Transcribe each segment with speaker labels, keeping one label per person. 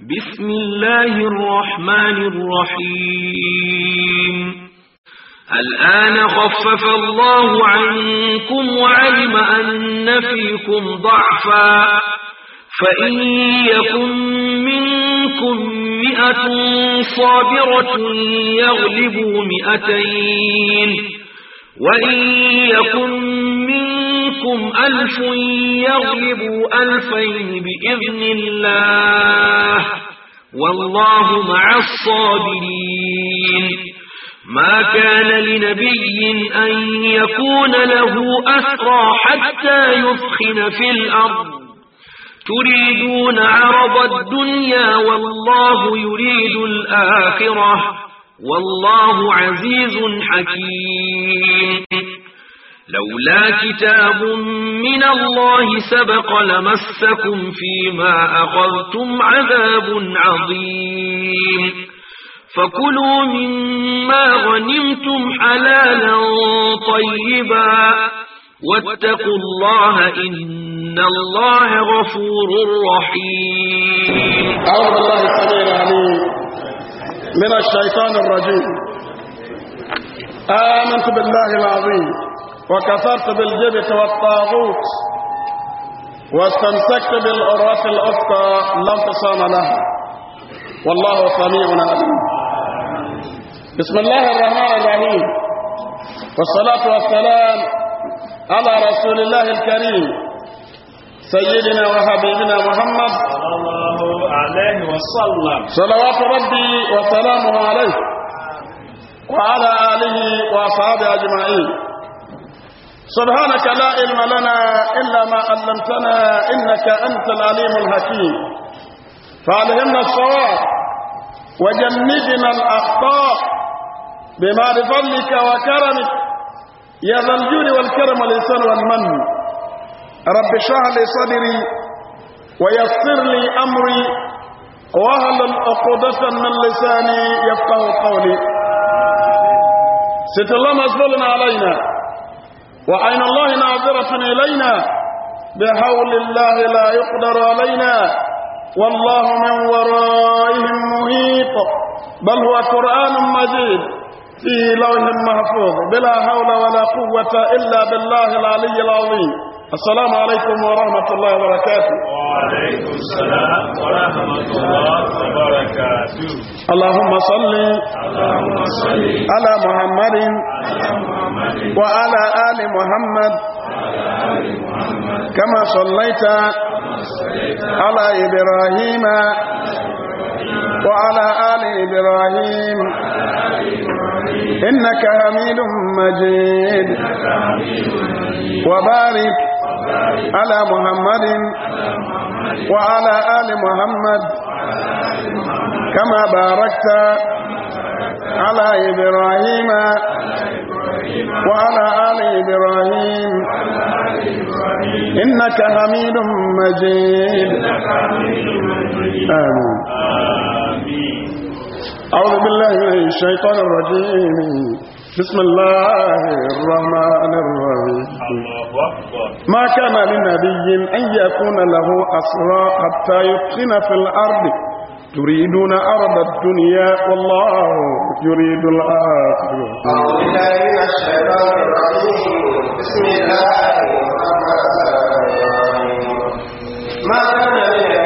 Speaker 1: بسم الله الرحمن الرحيم الآن خفف الله عنكم وعلم أن فيكم ضعفا فإن يكن منكم مئة صابرة يغلبوا مئتين وإن يكن منكم منكم ألف يغلبوا ألفين بإذن الله والله مع الصابرين ما كان لنبي أن يكون له أسرى حتى يثخن في الأرض تريدون عرض الدنيا والله يريد الآخرة والله عزيز حكيم لولا كتاب من الله سبق لمسكم فيما أخذتم عذاب عظيم فكلوا مما غنمتم حلالا طيبا واتقوا الله إن الله غفور رحيم
Speaker 2: أعوذ بالله السميع العليم من الشيطان الرجيم آمنت بالله العظيم وكفرت بالجبت والطاغوت واستمسكت بالعروة الأفقى لا انفصام لها والله سميع عليم بسم الله الرحمن الرحيم والصلاة والسلام على رسول الله الكريم سيدنا وحبيبنا محمد صلى الله عليه وسلم صلوات ربي وسلامه عليه وعلى آله وأصحابه أجمعين سبحانك لا علم لنا إلا ما علمتنا إنك أنت العليم الحكيم فعلهمنا الصواب وجنبنا الأخطاء بما بفضلك وكرمك يا ذا الجود والكرم والإنسان والمن رب اشرح لي صدري ويسر لي أمري وهل عقدة من لساني يفقه قولي ست الله مسؤول علينا وعين الله ناظرة إلينا بحول الله لا يقدر علينا والله من ورائهم محيط بل هو قرآن مجيد في لوح محفوظ بلا حول ولا قوة إلا بالله العلي العظيم السلام عليكم ورحمة الله وبركاته وعليكم السلام ورحمة الله وبركاته اللهم صل اللهم صل على محمد على
Speaker 3: محمد وعلى
Speaker 2: آل محمد وعلى آل محمد كما صليت على إبراهيم وعلى آل إبراهيم إنك حميد مجيد وبارك على محمد وعلى آل محمد كما باركت على إبراهيم وعلى آل إبراهيم إنك حميد مجيد آمين أعوذ بالله من الشيطان الرجيم بسم الله الرحمن الرحيم ما كان لنبي أن يكون له أسرى حتى يتقن في الأرض تريدون أرض الدنيا والله يريد الآخرة أعوذ بالله
Speaker 3: من الشيطان الرجيم بسم الله الرحمن الرحيم ما كان لنبي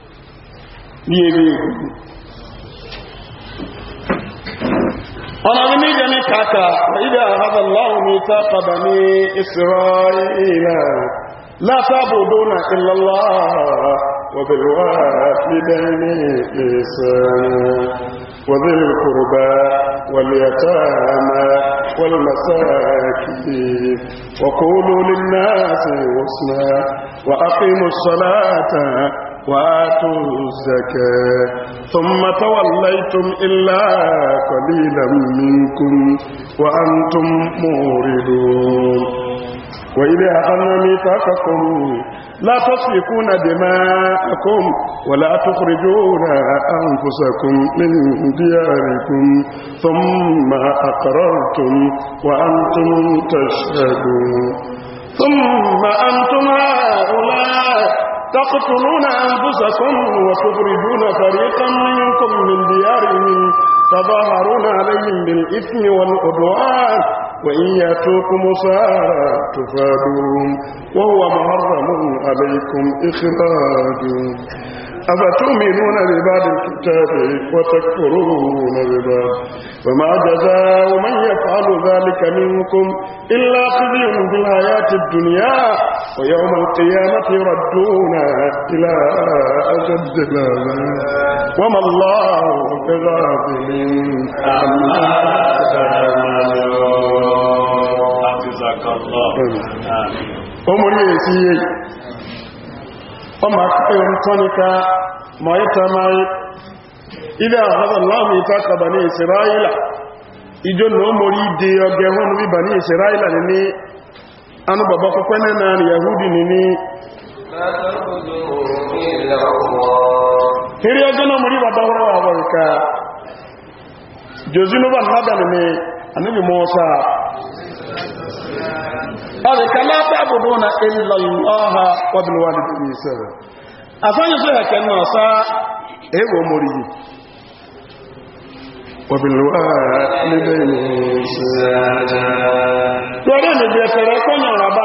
Speaker 2: yéwé ọlọ́run ní ìjẹ́ ní kàkà ìdá àhàbàláhùn ní tápàdà ní ìsìráìlá látàbòdó na ìlọ́lá wàbílwà nílẹ̀ ní ìsìráìlá wàbílkùrùbá واليتامى
Speaker 3: والمساكين وقولوا للناس حسنا
Speaker 2: وأقيموا الصلاة وآتوا الزكاة ثم توليتم إلا قليلا منكم وأنتم موردون وإذا أمر ميثاقكم لا تسفكون دماءكم ولا تخرجون أنفسكم من دياركم ثم أقررتم وأنتم تشهدون ثم أنتم هؤلاء تقتلون أنفسكم وتخرجون فريقا منكم من ديارهم تظاهرون عليهم بالإثم والعدوان وإن يأتوكم سارا تفادوهم وهو محرم عليكم إخراجهم أفتؤمنون لبعض الكتاب وتكفرون لبعض وما جزاء من يفعل ذلك منكم إلا خزي في الحياة الدنيا ويوم القيامة يردون إلى أشد العذاب وما
Speaker 3: الله بغافل عما تعملون
Speaker 2: o esi ihe ọma akpụkpọ ntọnika ma ịta mari ilé ní na bíbà ní ìsìráìlà ní anúbàbà pẹ́pẹ́ nẹ́nà yahudi ni ní kiri ọjọ́ náà mori bàbá wọ́rọ̀ àwọn ìka josinu nádà ní anúbì mọ́ ọ̀rẹ́ kẹlẹ́ tábùdó na ilọ̀ ọha wọ́bìnwá ní bí ìṣẹ́rẹ̀ àfáyíṣẹ́ ẹ̀kẹ́ náà sá èèwò mórí yìí wọ́bìnwá ní bí ìṣẹ́rẹ̀ Wọ́n bí na bá,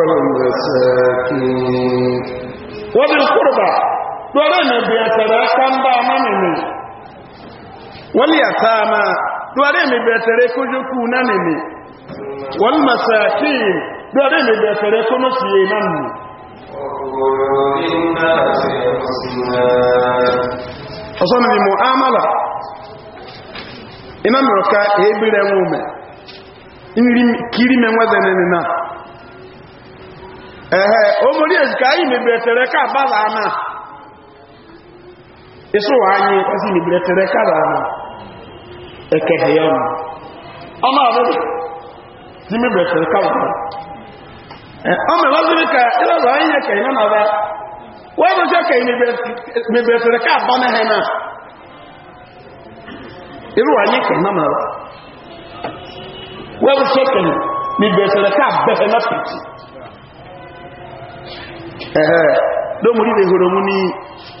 Speaker 2: lórí ìrìnbí ẹ̀tẹ̀rẹ̀ واليتامى دوارين بيتري كوجوكو نانمي والمساكين دوارين بيتري كونسي نانمي ọsọ́nà ni mọ̀ ámàlà iná mẹ́rọ̀ká èébìrì ẹ̀wọ̀n kiri mẹ́wọ́n zẹ̀nẹ̀ náà ẹ̀hẹ́ o mọ̀rí èzìká yìí mẹ́bẹ̀ẹ̀tẹ̀rẹ̀ ká Isi ekeheyam ama abebe zimi bɛtɛrɛ kawo ɛ ɔmɛ wa ka ɛlɛ anyị anyi yɛ na nana bɛ wɔyɛ bɛ sɛ ka na iru anyi kɛyi nana bɛ wɔyɛ bɛ sɛ kɛyi mi bɛtɛrɛ ka bɛ na piti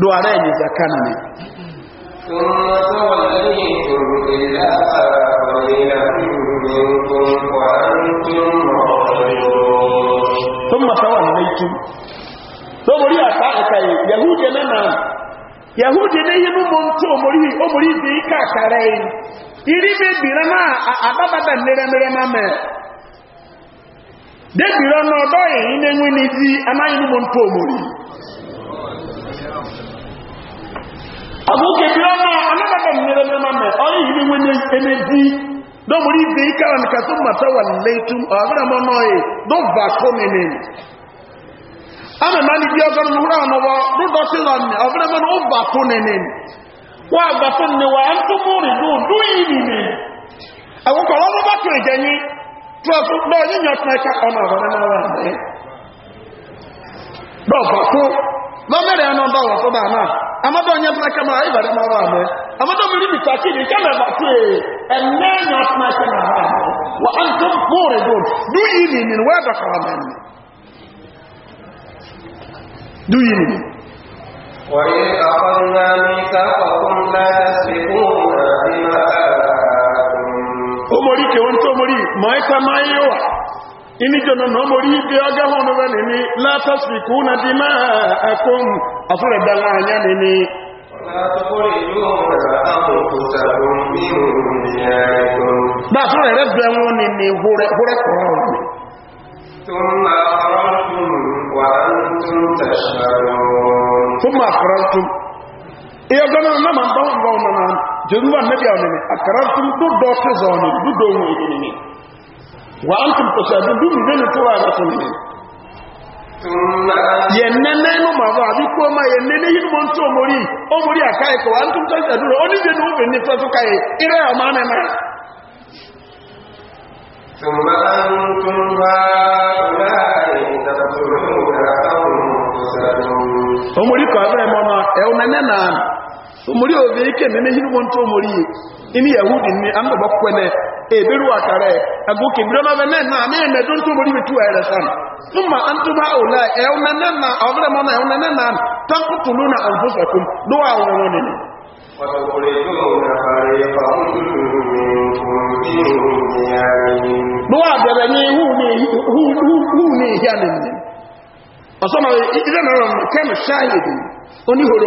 Speaker 2: duwara yi zakan ne sun matawan laitu to mori a ta'aka yi yahudi na na yahudi na yi numun to mori omori zai kakare iri mebiri na ababada nere-mere na mere na ọnọdọ yi ne nwe n'ezi anaghị numun to mori abuke bilama anababa mmere mma me ori hibi wene emeji do muri bi kala nka so mata walaitum agra mo noe do va komene ama mani bi ogon nura no wa do do se ran me agra mo no va komene wa va komene wa antu muri do do yini me awo ko lo ba to jeni to so do yin yo na wa do va komene lọ́mẹ́rẹ̀ ẹ̀nà ọ̀dọ́ wọ̀ sọ́dọ̀ àná amọ́dọ̀ yẹn fún ẹkẹ́ máa ìbàdàn máa wà mẹ́ amọ́dọ̀ mi rí mi pàtí ní kẹ́mẹ̀ bàtí ẹ̀mẹ́ ní ọ̀tún ẹ̀kẹ́ máa wà mẹ́ wà á ń tó bóòrè dùn dú yìí ni ní wọ́n ẹ̀dọ̀ kọ̀ọ̀ mẹ́ ni
Speaker 3: dú yìí ni. wàyí àkọ́nà mi káfọ̀kún láti sí fún àdínà
Speaker 2: inijọna na ọmọrí ibi agahun ọmọ nìní látàsìkú na di máa ẹkùn àfúrẹ̀dàlá anyá nìní látàkùnrin rẹ̀ wọn nìní húrẹ́ kọ̀ọ̀rọ̀ ثم أقررتم إيه قلنا نما نبغى نبغى نبغى جنوب النبي عليه أقررتم دو دوت زاني دو دوم يجيني وأنتم تشاهدون بين ترى أنكم yẹnẹnẹ inú màbọ àbíkú ọmọ yẹnẹnẹ inú mọ tí omori omori àkáyè kọ wà nítorí tẹsí ẹdúró oníjẹ ka òbí ní fẹsọ káyè irẹ ọmọ anẹmẹ.
Speaker 3: tùmọ̀ ntùmọ̀ ọ̀la ìdàtúrò ọ̀la ọ̀hún ọ̀sẹ̀
Speaker 2: ọ̀hún. ba kọ ma omori obi ike nene hiri wọn tó omori ini yahudi ni an baba kwene eberu akare agoke bi ona bene na na me don tó omori bitu na san thumma antum haula e a na na awre mo na ona na na tanqutuluna anfusakum do wa wono ni ni do wa bere ni hu ni hu ni ya ni ni na oni horo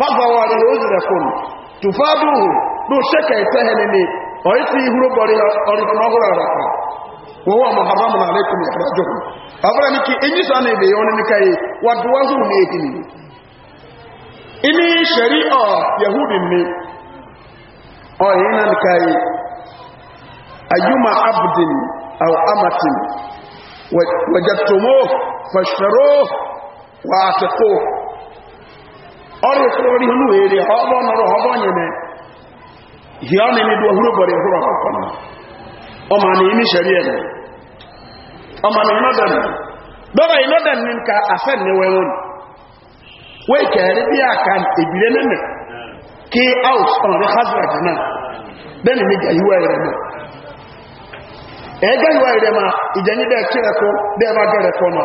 Speaker 2: bábáwá rẹ̀ lóòzù rẹ̀ kò tùfádùhù ló ṣẹ́kẹ̀ ìtẹ́hẹni ni ọ̀yí tí ihúrò bọ̀rí ọ̀rìnàhúrà rẹ̀ kà wọ́n wà mọ̀hàbámu náà lẹ́kùn ìrìnàjò àbúrẹ́ ní kí ẹni sáà ní ìbèyàn ní káyé wà dùwáhù ní èdè nìyí ilé ṣẹ̀rí ọ̀ yahudi ọrịa sọrọ ihe nụ were ha ọbọ nọrọ ha ọbọ nyere ihe ọ na-eme dị ọhụrụ bọrọ ịhụrụ ọkụkọ na ọma na imi shari eme na ịnọdọ na dọba ịnọdọ na nka afen na ewe nwere wee kere bi aka ebire nene ke aus ọnọ dị hazard na deni mi ga iwe e ere ma ega iwe ere ma ijenyi dị ekireko dị ebe nọ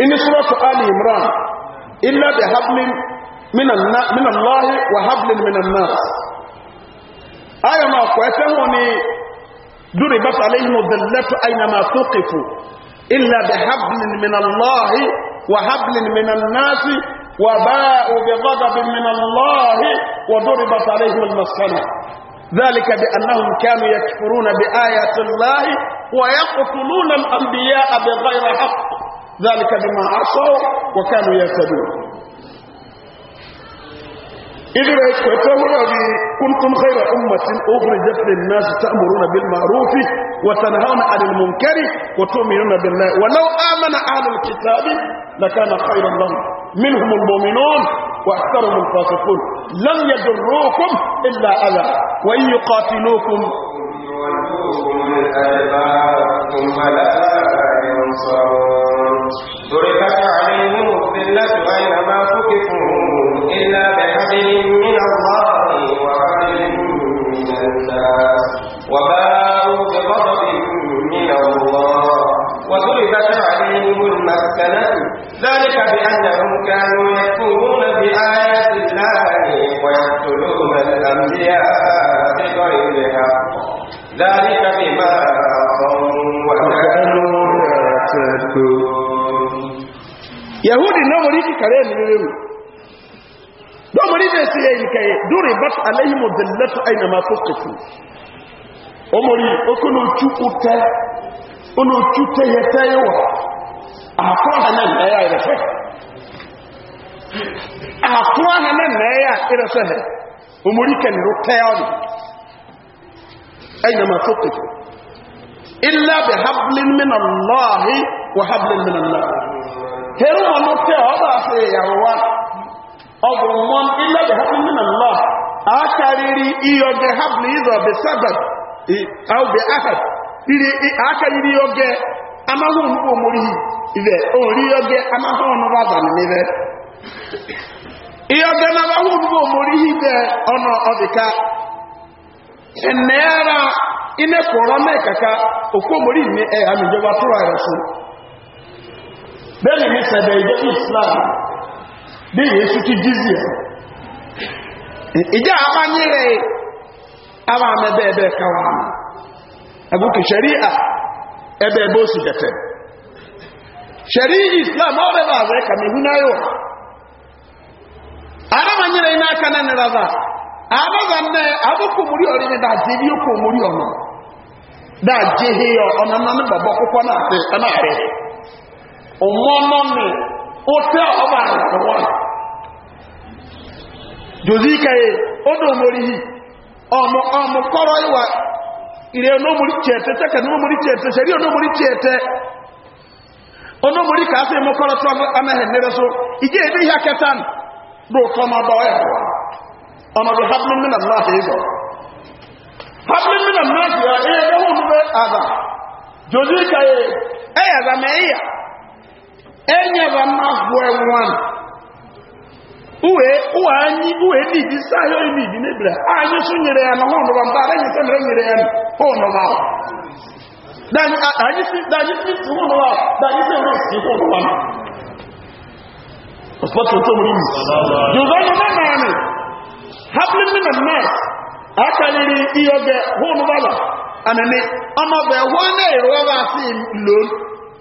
Speaker 2: إن سورة آل عمران إلا بحبل من من الله وحبل من الناس آية ما قوتهني ضربت عليهم الذلة أينما ثقفوا إلا بحبل من الله وحبل من الناس وباءوا بغضب من الله وضربت عليهم المسكنة ذلك بأنهم كانوا يكفرون بآيات الله ويقتلون الأنبياء بغير حق ذلك بما عصوا وكانوا يهتدون إذ رأيتم كنتم خير أمة أخرجت للناس تأمرون بالمعروف وتنهون عن المنكر وتؤمنون بالله ولو آمن أهل الكتاب لكان خيرا لهم منهم المؤمنون وأكثرهم الفاسقون لن يضروكم إلا أذى وإن يقاتلوكم
Speaker 3: يولوكم الأدبار ثم لا ينصرون ضربت عليهم الذلة أينما ثقفوا إلا بحبل من الله وحبل من الناس وباءوا بغضب من الله وضربت عليهم المسكنة ذلك بأنهم كانوا يكفرون بآيات الله ويقتلون الأنبياء بغير حق ذلك بما عصوا وكانوا
Speaker 2: يعتدون yahudi náà wọ́n rí kíkàrẹ́ ẹ̀mí rẹ̀rù dọ́mọ̀ rí bẹ́ẹ̀ sí ẹ̀yìn kẹyẹ dúrì bá aláyìí mọ̀ bẹ̀rẹ̀ lẹ́tọ̀ àìnà máa tó kẹfù ọmọ rí okó ní ojú tẹ́ ọ̀nà ojú tẹ́yẹ tẹ́yẹ wà àfọ́ àhánà nẹ́yà ìrẹsẹ̀ àfọ́ àhánà nẹ́yà ìrẹsẹ̀ ọmọ hablin min allahi wa hablin min allahi kẹrù wọn ló tẹ ọba àṣẹ ìyàwó wa na mọ́n ilẹ̀ ìhàbí nínú lọ àákàrírí iyọgẹ habli ọ sẹ́bẹ̀t ọgbẹ̀ ahad àákàrírí iyọgẹ amáhùn nípa omori ibẹ̀ orí iyọgẹ amáhùn nípa àbàmì níbẹ̀ bẹ́ẹ̀ni ní sẹ̀dẹ̀ ìjẹ́ islam bí yẹsù ti jízi ẹ̀ ìjẹ́ àmányẹ̀rẹ̀ àwọn àmẹ́bẹ̀ ẹ̀bẹ̀ káwà ẹ̀bùkù ṣẹ̀rí à ẹ̀bẹ̀ ẹ̀bẹ̀ jẹ̀tẹ̀ ṣẹ̀rí islam ọ̀rẹ́ bá na ọmọọmọ mi ó tẹ́ ọba àrùnwọ́ e ó dùn mórí yìí ọmọ ọmọ kọ́rọ̀ ìwà ìrẹ́ onómórí tiẹ̀tẹ́ tẹ́kẹ̀ onómórí tiẹ̀tẹ́ sẹ́rí onómórí tiẹ̀tẹ́ onómórí kàásì mú tó amẹ́hẹ̀ enye ba mma uwe uwe anyị uwe ndị ibi saa ya ibi anyị so nyere ya na hụ nọba mba anyị mere hụ nọba anyị si si hụ nọba anyị si si hụ nọba ọsọtụ tó mú ní jùzọ ní bá náà ndị na ihe hụ nọba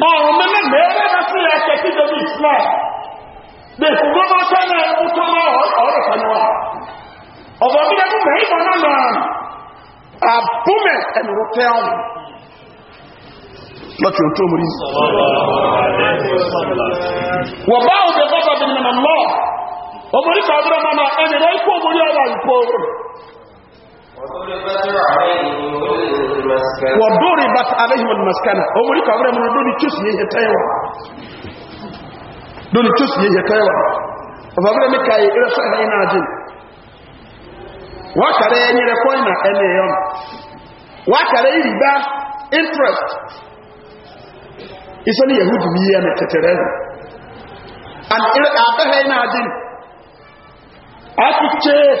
Speaker 2: báwọn mẹ́lẹ̀ mẹ́rẹ́ bá sí ẹ̀kẹ́ tí jọbi islam lè fún gbọ́nà tẹ́lẹ̀ ẹ̀kú tó lọ ọ̀rọ̀ kanáwà ọ̀bọ̀ bí ẹkú mẹ́rin bọ̀ náà lọ àbúmẹ̀ ẹ̀nùrú tẹ́ ọ̀nà lọ́tí ò tó mú rí wọ̀ bá òbí bọ́bọ̀ bí nìmọ̀ lọ ọmọ orí kàdúrà máa ẹni wakwari baku abubuwan maskenna ohun rikwa wuri mini duni kusurye ya kaiwa duni kusurye ya kaiwa wakwari mika ya irasa hainajin wakwari ya nire koi na naon wakwari iri ba interest iso ni ya hujumiyya me kacherewa al'irisar hainajin ha kuku ce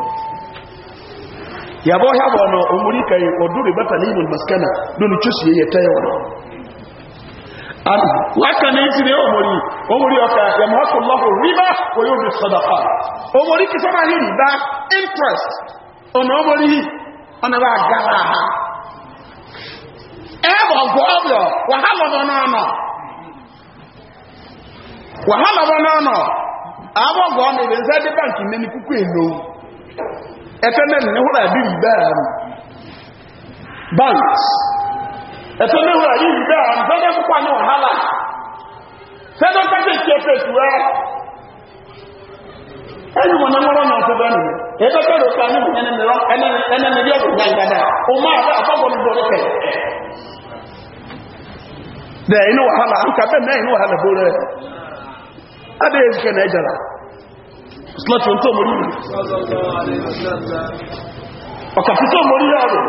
Speaker 2: yàbọ̀ ọ̀hẹ́ bọ̀ ọ̀nà òmùrí kẹrì ọdún rẹ̀ bẹ́tà ní ìmọ̀ ìmọ̀síkẹ́nà lónìí tí ó sì yẹ tẹ́yẹ̀ wọn láka ní ti ní òmùrí òmùrí ọkà yàmọ́kùnlọ́kù ríbá kò yóò bí sọ́dọ̀fà òmùrí kí sọ́dọ̀ interest gara ha ẹ̀fẹ́mẹ́rin ní húrà bí bẹ́ẹ̀rẹ̀ banks ẹ̀fẹ́mẹ́rin húrà yìí púpọ̀ ní ọ̀hálà fẹ́dẹ́ pẹ́sẹ̀ tí ó fẹ́sù ẹ́ ẹni wọn náà wọ́n náà tó bẹ́ẹ̀ nù ẹgbẹ́ pẹ́rẹ́ òkú àní wọn ẹni máa bá àfọ́gbọ́ ní bọ́ọ̀lù pẹ̀ inú wàhálà wàhálà bó rẹ̀ adé slọ́tún tó mọ̀ nínú ọ̀kàtí tó mọ̀ nínú ọ̀rọ̀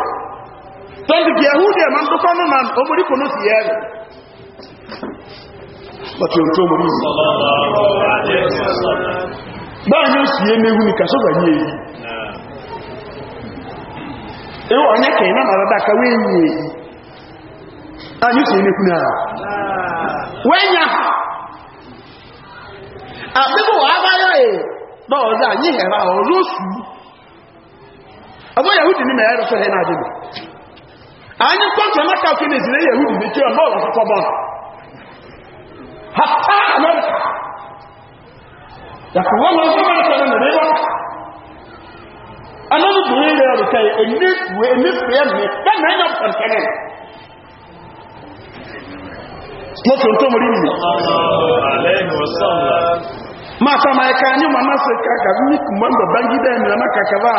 Speaker 2: tó ń dìkì ẹ̀hú dẹ̀ ma ń dúkọ́ náà ó mọ̀ nínú kòmó sí ẹ̀ rẹ̀ slọ́tún tó mọ̀ nínú báyìí ó wà bọ́ọ̀dá yí ẹ̀rà ọ̀rọ̀ sù ọmọ yahudi ní a sọ́rẹ̀ náà dìbò àyí pọ́ǹtì ọmọkà fílẹ̀ ìsìnlẹ̀ yahudi ní kí ọmọ ọ̀rọ̀ púpọ̀ bọ́ọ̀ hàtà amẹ́ríkà yàtọ̀ wọ́n mi bẹ́ẹ̀ náà yọ pọ̀nkẹ́rẹ́ mata anyị anyo mamase kaka ni kumando bangi da ni mama kaka ba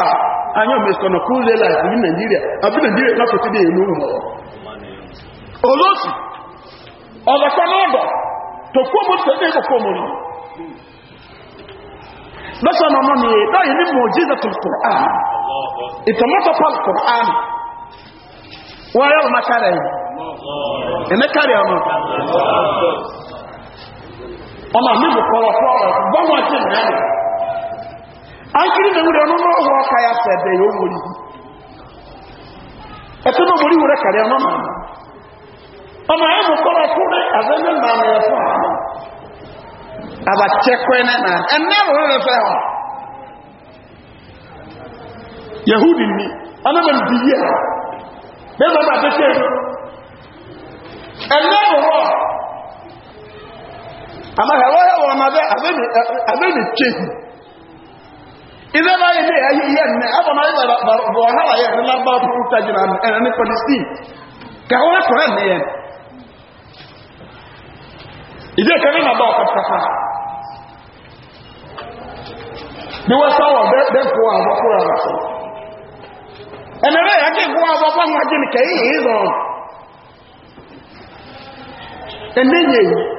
Speaker 2: anyo mesono kule la ni Nigeria abi Nigeria na so tibe enu mo olosi ola konodo to ko mo se de ko mo ni nasa na mo ni da ni mujizatul qur'an itamata pal qur'an wa yawma kare ene kare amo ọmọ mi bò kọrọ fún ọrọ bọ ankiri na nwere ọnụ n'ọhụ ọka ya sị ebe ya omori ihu ẹtụ na were karịa na n'ala ọmọ ya na na ya fún ọmọ abachekwe na na ẹnna rụrụ rẹ fẹ ọ yahudi ni anamani bi yie bẹẹ amaghị awa ya wọn abẹ a chehu ilé báyìí lè ayé yẹn nẹ abọ náà yẹ bọ ọhárà yẹn nílá bá fún tajú náà ẹnẹ ní Ka kàwé kọrẹ nìyẹn ìdí ìkẹrẹ náà bá ọkọ kàkà bí wọn sáwọ bẹẹ kó ba kúrò àwọn kọ ẹnẹ bẹẹ yà kí kó àwọn bá wọn jẹ nìkẹyìn yìí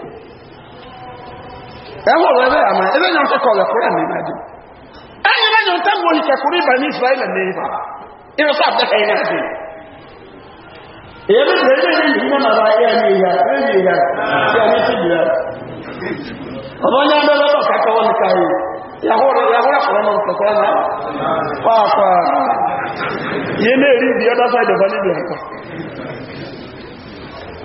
Speaker 2: ẹ̀họ́ rẹ̀ bẹ́ẹ̀ àmà ẹ̀rẹ́ yàn kẹ́kọ̀ọ́ rẹ̀ kúrẹ́ ní ìmájú ẹ̀yìn rẹ̀ yàn tẹ́gbọ̀ ìkẹ̀kùrí ìbà ní ìsìláìlẹ̀ ní ìbà ìrọ̀sá àbẹ́kẹ̀ yẹn àti èyí rẹ̀ ní ìlú yìí náà máa yẹ a ní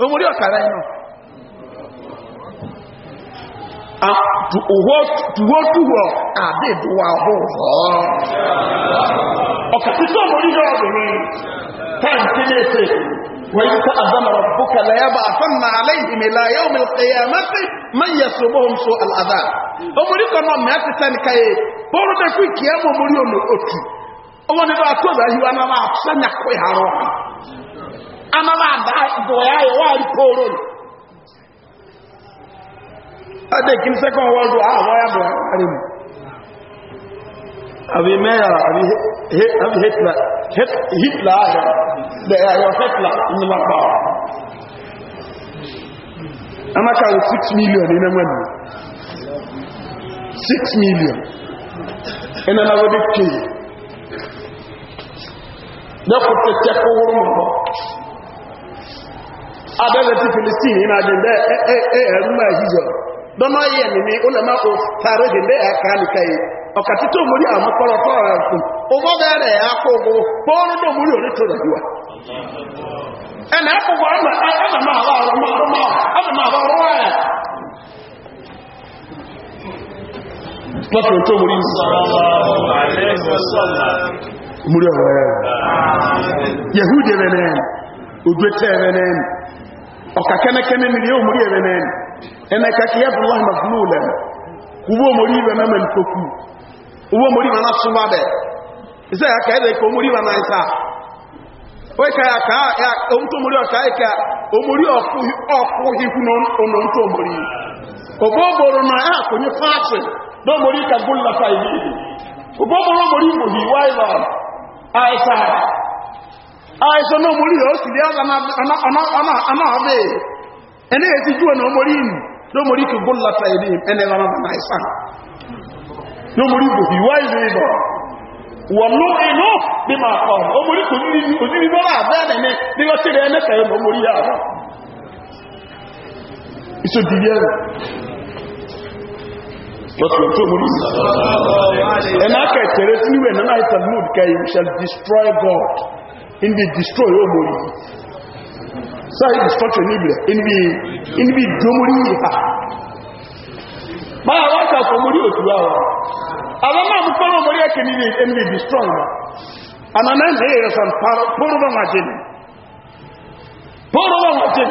Speaker 2: owere kauwe kwe a adị ụa ụ ọa bụ aana ala imela ya omelata ya asị manyị ya sobo nso ala daorikaana ya tetakae ọrụ ewe ke ya m br tu onwa na be atụawe nala aa ya kweharụ ama ba da doya ya wa ri poro ade kin second world war ah wa ya do ari mu abi meya abi he abi hitler hitler ya da ya yo hitler ni ma ba ama ka 6 million ina mani 6 million ina na wadi ke da ku tete ko wurin mu abẹ́rẹ́ ti philistine ní máa dìndẹ́ ẹ̀ẹ̀rú máa yíyọ lọ́nà yẹ̀ ní ní olèmọ́ kò tààrẹ ọ̀kàtí tó múrí àwọn kọ́lọ̀kọ́ múrí ọ̀kà kẹ́mẹ́kẹ́mẹ́ mi yóò múrí ẹ̀rẹ́ náà ẹ̀nà ìkàkì yẹ́bùnlá ìmọ̀fúnlẹ̀ kúwó mórí ìwẹ̀ mẹ́mẹ́ nìkókù owó mórí ìwẹ̀ náà ìṣẹ́ ẹ̀ka ẹ̀dẹ̀ kò mórí ìwẹ̀ náà ìta ó ẹ̀ka ẹ̀ka àìsàn náà mo rí ọ́ sì rí ọmọ ọ̀bẹ̀ ẹni èsì jú ọ̀nà ọmọ rí ìlú ló mo rí kìgbó lọ́ta ìdí ẹni lọ́nà ọmọ àìsàn ló mo rí bò ìwá ìlú ìbọ̀ wọ̀n ló inú bí máa kọ̀ ọmọ rí kò ní bí bọ́lá àbẹ́ẹ̀dẹ̀ ní bí wọ́n tẹ̀lé ẹni kẹ̀yẹ́ mọ́ mo rí yàrá iṣẹ́ dìbí ẹ̀rọ lọ́tún tó mo rí ẹ̀nà kẹ̀kẹ̀rẹ́ tí wẹ̀ nánà ìtàlmùd kẹ́ you shall destroy God in be destroy omori oh, sai destruction ni bile in be in be domori ha ba wa ka so mori otu awo awa ma mu mori ake ni be in be destroy ba ana na ne ya san paro poro ba ngajin poro ba ngajin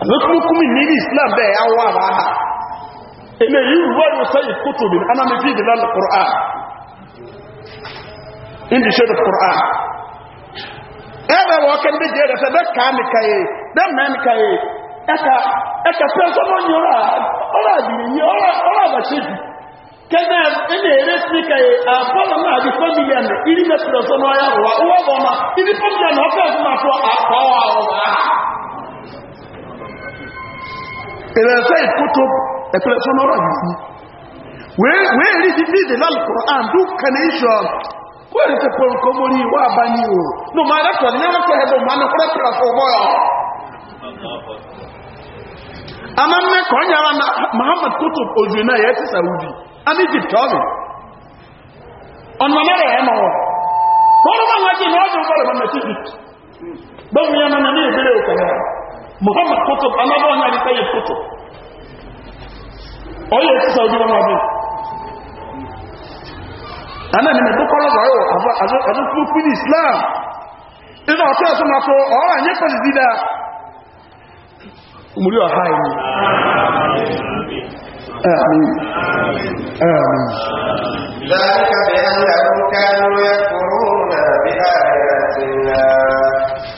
Speaker 2: azu kuma ni islam be awa ba ha ene yi wa yo sai kutubin ana me fi bilal qur'an in the shade of Quran. Ever walking the jail, I said, that can be kaye, that man kaye, eka, eka person on your heart, all of you, all of us, kẹ́nà ẹni èrè sí kẹyẹ àpọ́lọ̀ náà di fọ́mílì ẹ̀nà ìrìnà tí ọ̀sán náà yà wà owó ọ̀bọ̀ ọmọ ìdí fọ́mílì ẹ̀nà ọ̀fẹ́ ẹ̀sùn máa fọ́ àpọ́wà ọ̀wà ìrẹ̀sẹ̀ ìkútó ẹ̀pẹ̀lẹ̀sọ́nà ọ̀rọ̀ yìí wẹ́ẹ̀rí di bí ìdè lálùkùrọ̀ àdúkẹ́ wẹ́rẹ̀ tẹ pọ̀rọ̀ kọ́ mórí wà bá ní o ní o máa rẹ́pọ̀ ní ẹwọ́n pẹ̀lẹ̀ bọ̀ máa nọkọ́ rẹ́pọ̀ fún ọmọ na muhammad kótó ojú náà yẹ ti sàwùdì á ní egypt ọ̀bì ọ̀nà mẹ́rẹ̀ ẹ̀ nọ̀wọ̀ wọ́n ló máa wá jẹ́ ìnáwó ọdún bọ́ọ̀lù mọ̀mọ́ egypt gbọ́mù O náà ní ìbéèrè òkèrè muhammad na ti ana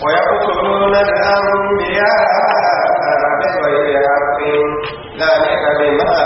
Speaker 3: ويقتلون الأنبياء بغير حق ذلك بما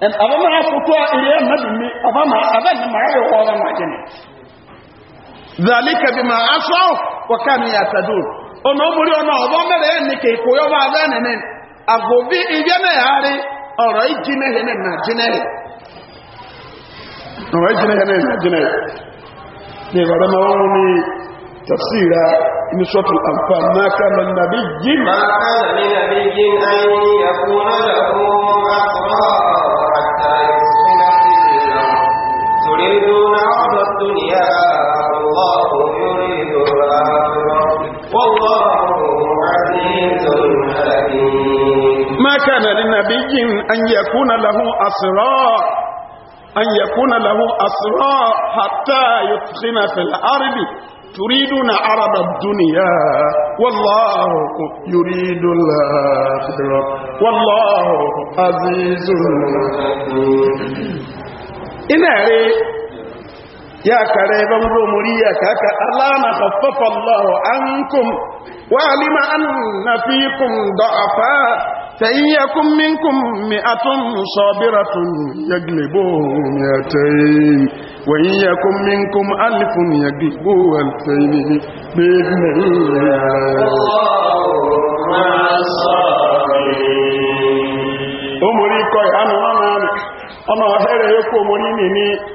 Speaker 2: aba ma afoto a ere ma dumi ọba ma aba ne ma yɛ wɔ ma gye ne zalika bima asaw wa kanu yatadun ɔna ɔmori ɔna ɔba mɛrɛ yɛ ne keko yɛ ɔba ada ne ne agobi yare ne na gye ne he ɔrɔ igyi ne he ne na gye ne he
Speaker 3: ne ma يريدون عرض الدنيا الله يريد الآخرة والله عزيز
Speaker 2: حكيم ما كان لنبي أن يكون له أسرى أن يكون له أسرى حتى يثخن في الأرض تريدون عرض الدنيا والله يريد الآخرة والله عزيز إناري يا كريبا رومريا كاكا ألام خفف الله عنكم وعلم أن فيكم ضعفا فإيكم منكم مئة صابرة يجلبوا مئتين يكن منكم ألف يجلبوا ألفين بإذن الله اللهم صل أمريكا أنا أنا أنا أهل يكون مريني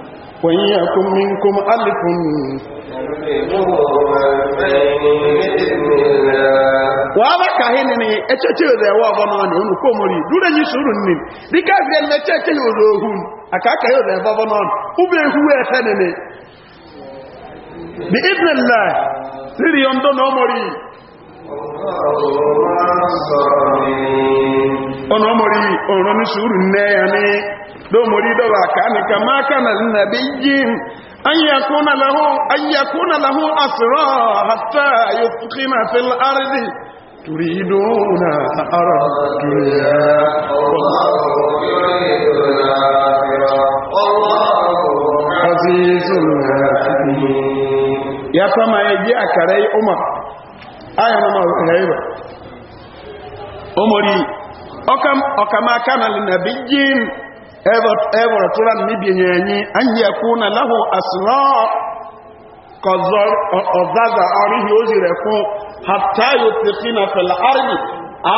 Speaker 2: وإن يكن منكم ألف wàhálà nwere ni ẹ̀chẹ̀chẹ̀ òdò ẹ̀wọ́ ọ̀bọ̀nà ọ̀nà ònù kó mọ̀rí lúrẹ̀ yìí sùúrù nì ní káàkiri ẹ̀lẹ̀ ẹ̀chẹ̀chẹ̀ òdò ohun àkàkà na ọ̀nà ọmọrí ọ̀rọ̀ n'isi uru nẹ́ ya ní lóòmòrí dọ́wà káàkà máa kànà nàbí yìí ayyakuna lahu asira hatta yufqina fil ardi turiduna ara duniya azizun ya akara umar aya na ma haiba omori okam okama kana linabiyyin ever ever turan nibiyenyi an yakuna lahu asra qazar ozaza arihi ozire ku hatta yutqina fil ardi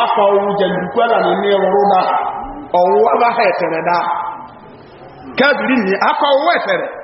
Speaker 2: afa wujan kwala ni ne ruda owo aba hetere da kadri ni afa wetere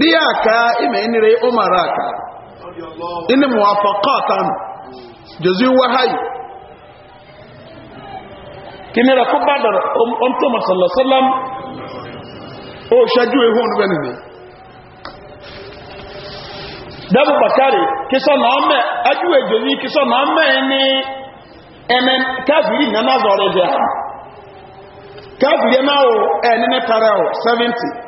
Speaker 2: dị ya aka ime nire ụmara aka ini muwafakatan jozi wahayi kini ra ko badar on to ma sallallahu o shaju ehu on beni dabu bakari kiso na ome aju e jozi kiso na ome ni enen kafiri na na zore je kafiri na o enene parao 70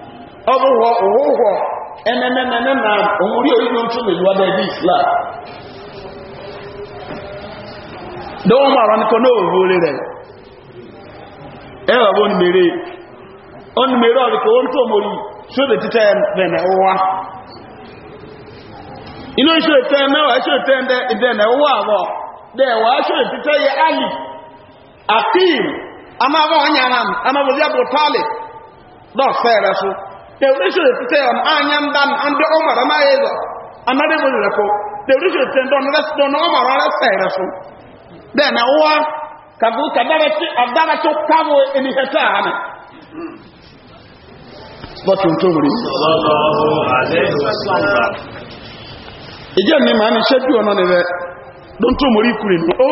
Speaker 2: ọbụghọ ụwụgwọ ememememe na omuri oyibo ntụmeliwa bebe islam dọwọ mara nkọ n'ohu orire ẹwà bó nìmere ó nìmere ọ̀rẹ́ kò wọ́n tó mori ṣóbe títẹ́ ẹ̀nẹ̀ wá inú ṣe tẹ́ mẹ́wàá ṣe tẹ́ ẹ̀nẹ̀ wá bọ̀ dẹ̀wàá ṣe títẹ́ yẹ ali akim amábọ̀ ọ̀nyàrán amábọ̀ bí abọ̀ tálẹ̀ dọ̀ fẹ́ẹ̀rẹ̀ fún the ratio is say on anyam dan and the omar am i is another one is ko the ratio is don rest don omar ala say rasul then awa kagu kadara ti adara to kawo in heta ana spot on to buri sallallahu alaihi wasallam ije mi ma ni shedu ono ne be don to mori kuri o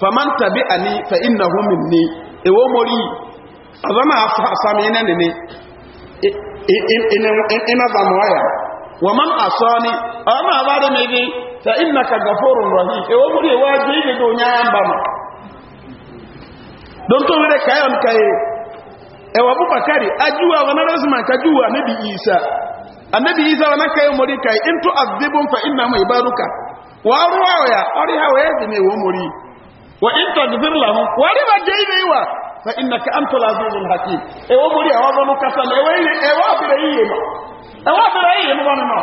Speaker 2: faman tabi ani fa inna hu minni ewo mori azama asami ina nene ina zama waya wa man asani ama abare mege fa innaka ghafurur rahim ewo mori ewo aje ide do nya amba ma don to wele kayon kai ewo abubakari ajuwa wa narazma kajuwa nabi isa annabi isa wa nakayo mori kai into azibun fa inna mu ibaruka wa ruwa ya ori hawe ne ewo mori وإن تغفر لهم وربا جيبي إيوه، وا فإنك أنت العزيز الحكيم إيوا مولي إيوا بنو كسل إيوا إيوا إيه بريئي إيه ما إيوا بريئي إيه ما بنو ما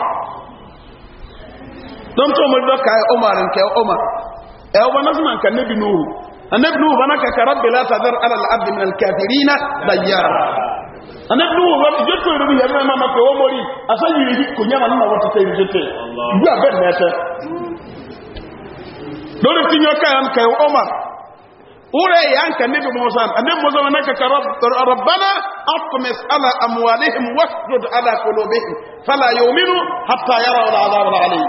Speaker 2: دم تو مولي بكا عمر إنك عمر إيوا بنسمع كان نبي نوح النبي نوح بنك كرب لا تذر على العبد من الكافرين ديارا النبي نوح بنك جتو يربي يرمي ما ما كيوا مولي أسا يريد كنيا ما نما وتسير جتو الله يا بنت lórí tí yóò káyàn kẹwọ́ ọmọ wúrẹ̀ yà ń kẹ níbi mọ́sán ẹni mọ́sán wọn kẹkẹ rọ̀bánà optimis ala amuwalihim wasjud ala kolobihim fala yominu hatta yara wala azabala alayhi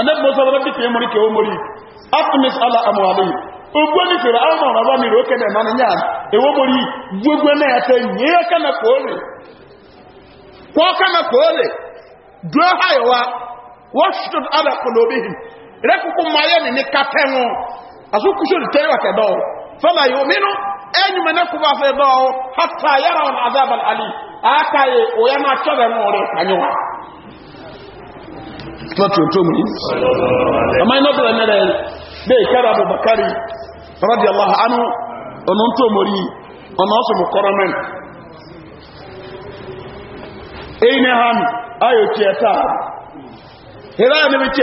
Speaker 2: ẹni mọ́sán wọn kẹkẹ mọ́rí kẹwọ́ mọ́rí optimis ala amuwalihim ogbo ni fèrè àwọn ọmọ ọba mi rò kẹdẹ mọ níyà èwo mọ́rí gbogbo náà ẹsẹ yìí kẹmẹ kóòlè kọ́ kẹmẹ kóòlè dúró háyọ̀wá wasjud ala kolobihim rẹ́kùkù mayẹ́ ni ní kápẹ́ wọn àsókùsò lè tẹ́rẹ́ wàkẹ́ dọ́ọ̀ fọ́lá yóò mínú ẹ̀yìn mẹ́nà kú bá fẹ́ dọ́ọ̀ hátà a wọn azábal alì àákàyè òyà máa tọ́lẹ̀ mọ́ rẹ̀ àyẹ̀wà mi ọmọ iná bẹ̀rẹ̀ bẹ́ẹ̀ allah anu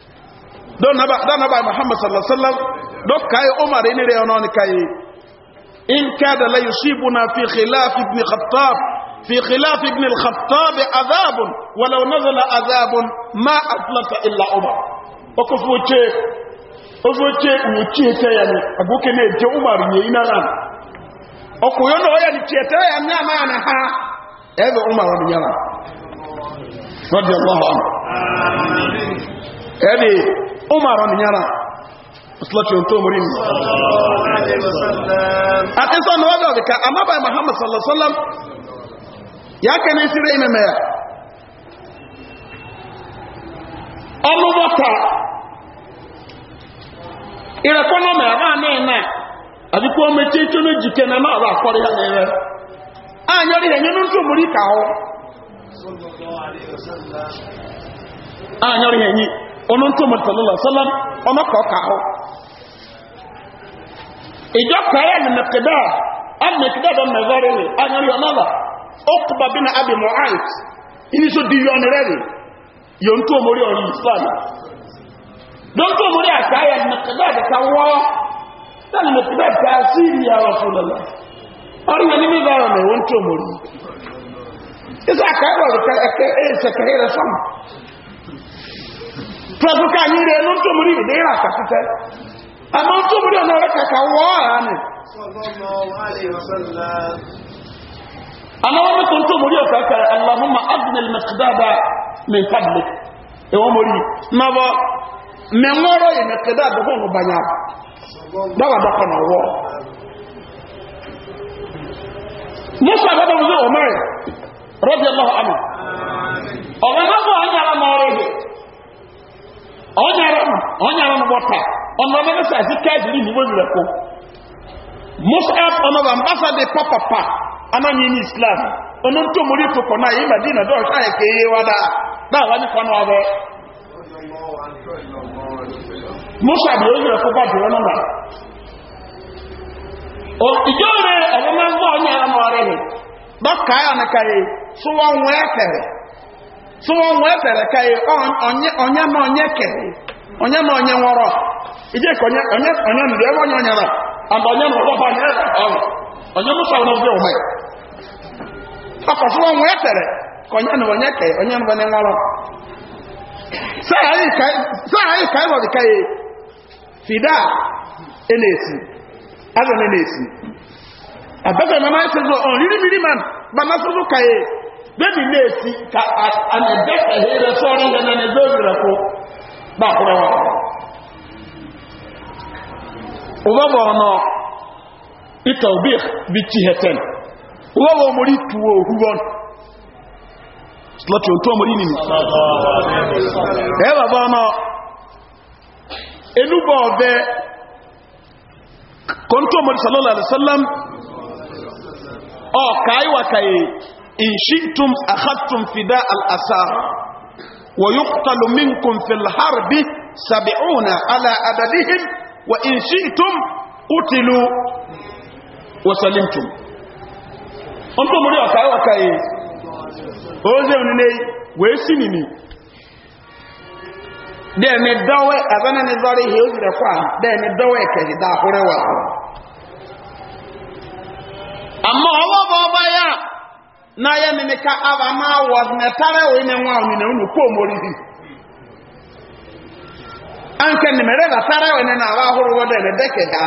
Speaker 2: don na ba don na ba muhammad sallallahu alaihi wasallam don kai umar ne re ono kai in kada la yusibuna fi khilaf ibn khattab في خلاف ابن الخطاب عذاب ولو نزل عذاب ما أفلت إلا عمر وكفوتي وكفوتي وكيتا يعني أبوك نيجي عمر يينا لان وكيونا يعني كيتا يعني ما أنا ها هذا عمر من يلا رضي الله عنه يعني umar ọmịnyara musulati ohun tó mori ni àti sọ́nà wọ́n dọ̀ dìka anábàá muhammad sallallahu ya kẹ́ni sí rẹ̀ mẹ́mẹ́ ya ọlọ́wọ́ta ìrẹ̀kọ́nà mẹ́ra náà náà àdìkú ọmọ etí tí ó ní jìkẹ́ náà náà rà ọmọ tó mọ̀ ọmọ kọ̀ọ̀kà ọ. ìjọ kọ̀ọ̀yà ní mẹ̀kẹ́dà amẹ̀kẹ́dà bọ̀ mẹ̀vẹ́rẹ́ rẹ̀ anyọ̀lẹ̀ ọ̀nàlà ó kúba bí na abẹ mọ̀ ìní so di yọ̀ nìrẹ́ rẹ̀ yọ̀ ntó mórí ọ̀rọ̀ islam. dọ́ntó mórí àṣàyà ní mẹ̀kẹ́dà dẹ̀ka wọ́ sani mẹ̀kẹ́dà dẹ̀ sí ìyá ọ̀sọ̀lọ́lọ́ ọ̀rọ̀ yẹn ní tọ́túká yìí rẹ̀ ló ń tó múrí ìdí ìrà kàtútẹ́ a máa ń tó múrí ọ̀nà rẹ̀ kàkà wọ́ ara nì aláwọ́ mẹ́tọ̀ ń tó múrí ọ̀fẹ́ kẹrẹ aláhùnmá adìnil mẹ́kìdába mẹ́kàdìlẹ̀ ẹ̀wọ́n múrí mẹ́wọ́ mẹ́wọ́rọ̀ yìí mẹ́kìdába fún ọ̀bànyà dáwà dákọ̀ nà wọ́ musa gbọ́dọ̀ wùzọ́ ọmọ rẹ̀ rọ́bì aláhùn àmì ọ̀rẹ́ mẹ́fọ́ ọnyara m wọta ọnọdụ na saịsị kaịsịrị n'igwe nwere kwụ musaf ọnọdụ ambasada pa anaghị ní islam ọnụ ntọ mụrụ ịtụkọ na ihe madina dọọ ka eke ihe wada na-awa nyekọ n'ọbụ musa bụ onye ọkụkọ dị ọnụ na ìjọ rẹ ọmụma ngwa ọnyara n'ọrịa dọkịta ya na kaị sụwa nwa ekere so wọn wọn ka ị ọnyẹ ma onye kẹrẹ onye ma onye nwọrọ onye kọ ọnyẹ onye ọnyẹ nìyẹ onye ọnyẹ ọnyẹ rẹ àmà ọnyẹ nìyẹ wọn ọnyẹ rẹ ọrọ ọnyẹ ọkọ so wọn wọn ẹsẹrẹ kọ ọnyẹ onye ọnyẹ kẹrẹ ọnyẹ nìyẹ ọnyẹ ka ị wọdi ka yi fida e esi na esi ọ riri ka ị. bébì na-esi ka àmẹ́dẹ́sẹ̀ hẹ́rẹ́ sọ́rọ̀ yẹnà ní lóòrẹ̀ kó bàkúrẹ́ wọn ọgbọ́gbọ̀ ọ̀nà ìtọ̀ òbí bí ti hẹ̀tẹ̀n ọgbọ́gbọ̀ omori tuwo omori omori إن شئتم أخذتم فداء الأسار ويقتل منكم في الحرب سبعون على عددهم وإن شئتم قتلوا وسلمتم أنتم مريء أكاي وكاي أوزيون ني ويسيني دين الدواء أبنى نظري هيوز رفاه دين الدواء كذي دا خروا أما الله بابا يا n'aya mmeka aba ma awọ metara oyi na nwa ọmịna unu kwuo anke ni mere batara na awa ahụrụ wọdọ ebe deke ha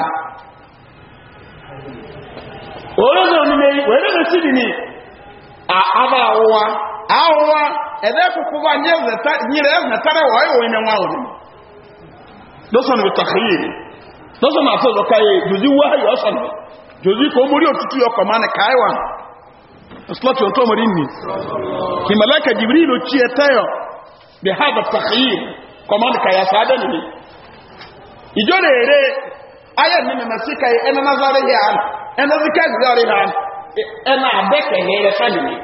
Speaker 2: orozo onime were na sidi ni aba awụwa awụwa ebe nyere na nwa ọmịna na na ka ya jozi wayo ọsọ ka o mori otutu ya ọkọ ma na kaiwa slọ́tí ọ̀tọ́ mọ̀rí ní ni malaka jibril ó tí ẹ tẹ́yọ̀ bí haɗa takhir kọmọ́dù ka ya sáadẹ́ nìyí ìjọ rẹ̀ rẹ̀ ayẹ́ ní mẹ́mẹ́ sí ka ẹnà nazari yà án ẹnà sí kẹ́sì zari yà án ẹnà abẹ́kẹ̀ hẹ́rẹ́ sáyẹ̀ ni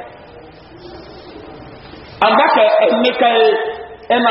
Speaker 2: abẹ́kẹ̀ ẹni ka ẹnà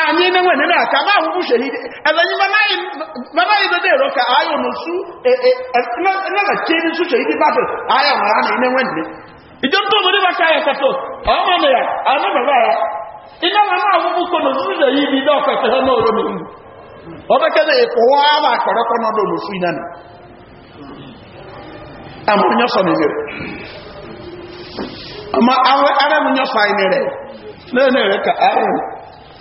Speaker 2: anyị nenwe nene aka ma ahụhụ shehide ezenyi managhị dode ero ka aya e, e, e, mara na nenwe nne ijo obodo ka kato ọma na ya a ya na ahụhụ ko n'ozuzu shehide ndị ọkata ha n'oro n'elu ama akọrọkọ n'ọdụ na amụrụ ama ahụ ara m nyọsọ na-enere ka ahụ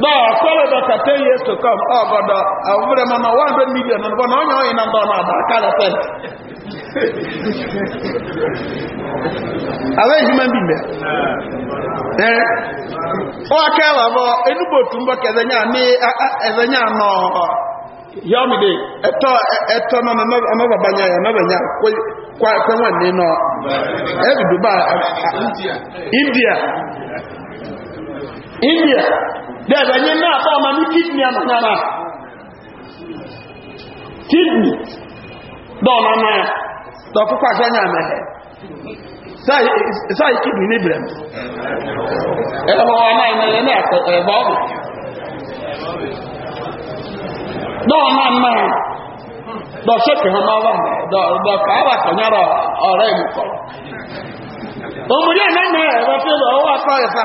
Speaker 2: no kɔlɔ dɔ ten years to come ɔ bɔ dɔ a wɛrɛ ma na one hundred million bɔ na ɔnyɛ na
Speaker 3: Aba k'a a bɛ jumɛn bi mɛ
Speaker 2: ɛ ɔ kɛ wa bɔ enugu tun bɔ kɛlɛ nya ni ɛlɛ nya nɔ yɔmi de ɛtɔ ɛtɔ nọ. nɔbɔ ba nya yɛ nɔbɔ nya india india. dẹ́ẹ̀bẹ̀ yí náà bọ́ ọmọ ní kìtìní àmàyàrá kìtìní dọ́ọ̀nà náà dọ̀kúkọ na àmẹ́lẹ̀ sáà kìtìní ní bẹ̀rẹ̀ ẹ̀họ̀ ọmọ ìmẹ̀lẹ̀ náà ẹ̀bọ̀ ọ̀bọ̀ dọ́ọ̀nà náà dọ̀ṣẹ́kì hàn náà dọ̀kàáwà kọ̀nyára ọ̀rẹ́ ìmùkọ̀
Speaker 3: òmùdí ẹ̀ náà ẹ̀rọ fílọ̀ ọwọ́ àkọ́ ẹ̀fà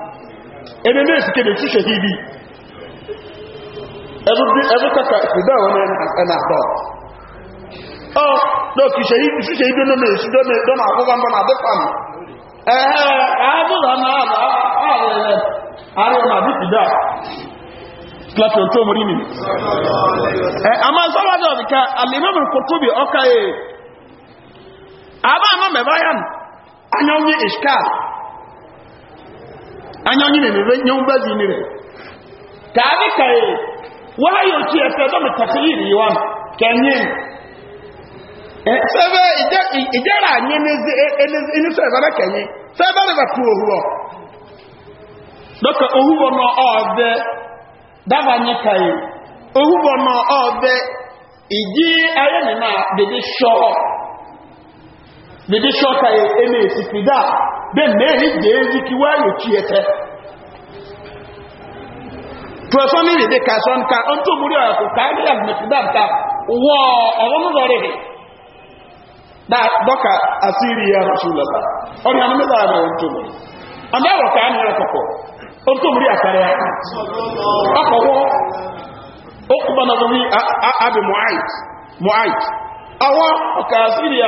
Speaker 2: ebe mee sike da tushe hibi ebe kaka kuda wani na abọ ọ lọki tushe hibi nọ na-esu dọ na akwụkwọ mbọ na adịkwa m na arịrị arịrị na dịkida platon tó mọ̀rí ni a máa sọ́wọ́dọ̀ ọ̀dìká alìmọ́mù kòtòbí ọkà àbá àmọ́ mẹ́báyàn ìṣkáà anya onye ne bɛ nyɔnu bɛ zi ne rɛ kaabi kae waayɔ ti ɛsɛ dɔmi takiri yi wa kɛnyɛ e e, sɛbɛ ìjɛ ìjɛra anyi eneze e, eneze enisɛ ɛfɛ bɛ kɛnyɛ sɛbɛ bɛ tu owurɔ dɔkɛ owurɔ nɔ ɔɔbɛ daba nye kae owurɔ nɔ ɔɔbɛ ìdí ayé mede shọka esi esipida de mehi jeezi kiwa yochiete tuwasọ ni rede ka sọ nka ntụ muri ọkụ ka anyị ya mmetụda nka ụwa na dọka asiri ya rasulaba ọrịa na mmeda ahụ ntụ muri ama ọrọ ka anyị okwu na asiri ya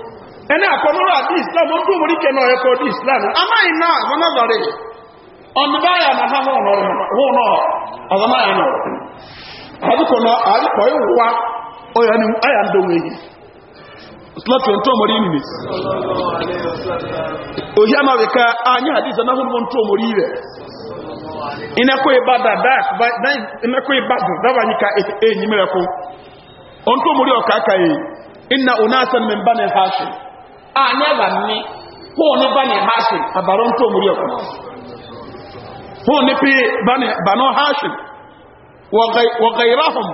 Speaker 2: ẹni àkọmọ́rọ̀ àti islam ó dùn orí kẹ́nà ẹ̀kọ́ di islam amáyìn náà wọn lọ́rẹ̀ ọ̀nà báyà náà ha wọn náà ọ̀zọ́máyà náà àdúkọ̀ náà àdúkọ̀ ìwà ọ̀yà ni àyà ń dóhun èyí slọ́tì ọ̀n tó mọ̀rí nìyí òyí amárika anyị àdìsọ náà wọn tó mọ̀rí rẹ̀ ka inna unasan min bani hashim a ah, never me who ne bani hashim abaron to muri ko who ne pe bani bano hashim wa ghayrahum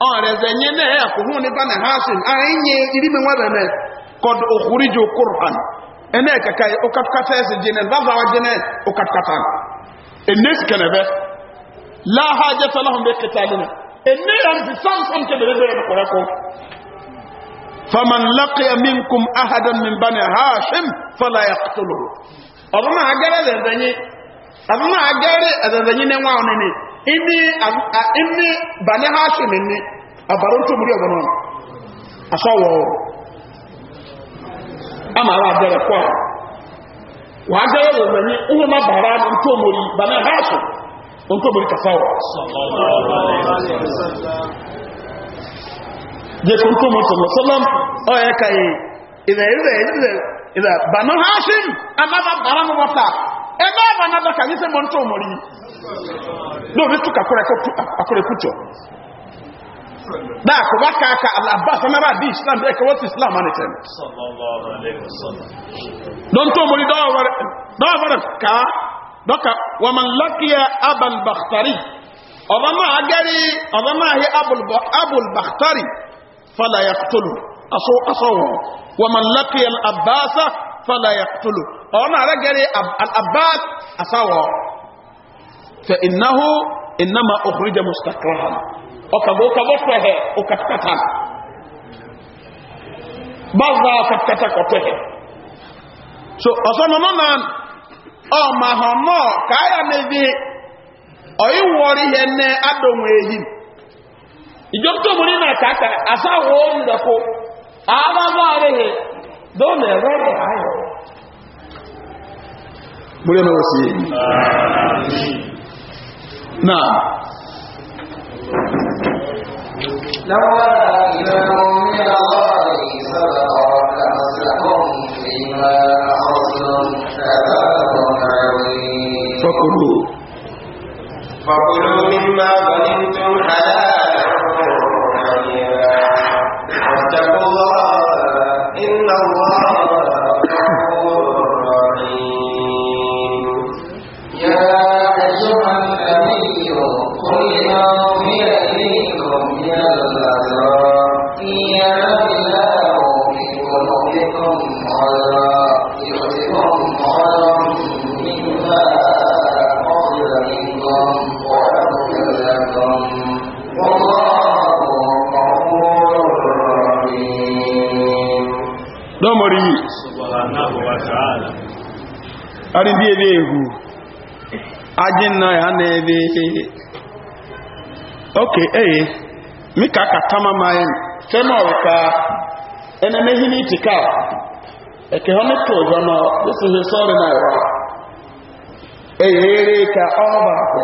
Speaker 2: on ah, rezenye ne ya ko who ne bani hashim anye ah, irime wabe ne kod ukhriju qur'an ene ka kai okatkata ese jenen baba wa bi فمن لقي منكم أحدا من بني هاشم فلا يقتله أظن أجل ذنبني أظن أجل ذنبني نوانني إني إني بني هاشم إني أبرون تمري أبرون أصوى أما لا أجل قوة وأجل ذنبني إني ما بران تمري بني هاشم أنتم بريك صلى الله عليه
Speaker 3: وسلم
Speaker 2: jẹ́kùn tó mọ̀ sọ̀rọ̀ sọ́lọ́m ọ̀yẹ́ kàyè ìrẹ̀ ìrẹ̀ ìrẹ̀ ìrẹ̀ bànú hashim anábà bàrá mọ́ wọ́ta ẹgbẹ́ àbànà dọ́kà yìí sẹ́ mọ́ tó dáàkù bá kàkà alábà bí islam bẹ́ẹ̀ kẹwọ́ sí islam anìtẹ̀ lọ́n tó mọ̀ rí dọ́ọ̀wọ́rẹ̀ ká dọ́kà wọ́n mọ̀ lọ́kìá abal ọ̀rọ̀ náà agẹ́rí ọ̀rọ̀ náà yẹ abul فلا يقتله أصو أصو ومن لقي الأباس فلا يقتله أنا رجل الأباس أصو فإنه إنما أخرج مستكرها أكبو كبوته أكتكتا بغضا أكتكتا كته so أصو نمانا أو ما هما كايا نبي أي وريه أدوم إيهim ìjọ́ tó mú nínú kaka asa wɔn da ko aba ba ne he don ne rɛbɛ ayɔ múlẹ̀ náà sí náà لولا
Speaker 3: إله من الله سبق لمسكم فيما أخذتم عذاب عليم فكلوا فكلوا مما غنمتم حلالا
Speaker 2: Ok, okay mika katama mai sema wika ene mehi ni tika eke hono to this is a sorry na e ka oba ko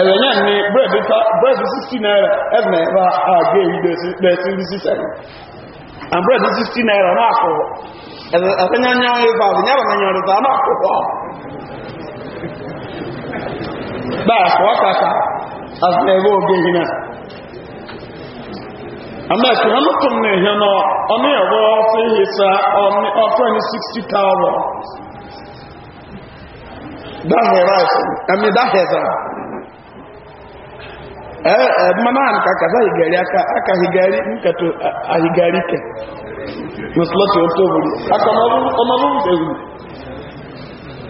Speaker 2: ebe nya ni bread ta bread 60 naira ebe ba a ge yi desi desi 60 naira and na ko ebe nya e ba na ko báyà sọ wákàtà àtẹ̀wò obìnrin náà àmì na ẹnu ní ìhìn náà ẹ̀wọ́ ọ̀fẹ́ yìí sá ní 60 dáhẹ̀rá ẹ̀mí ìgẹ̀rí aka ìgẹ̀rí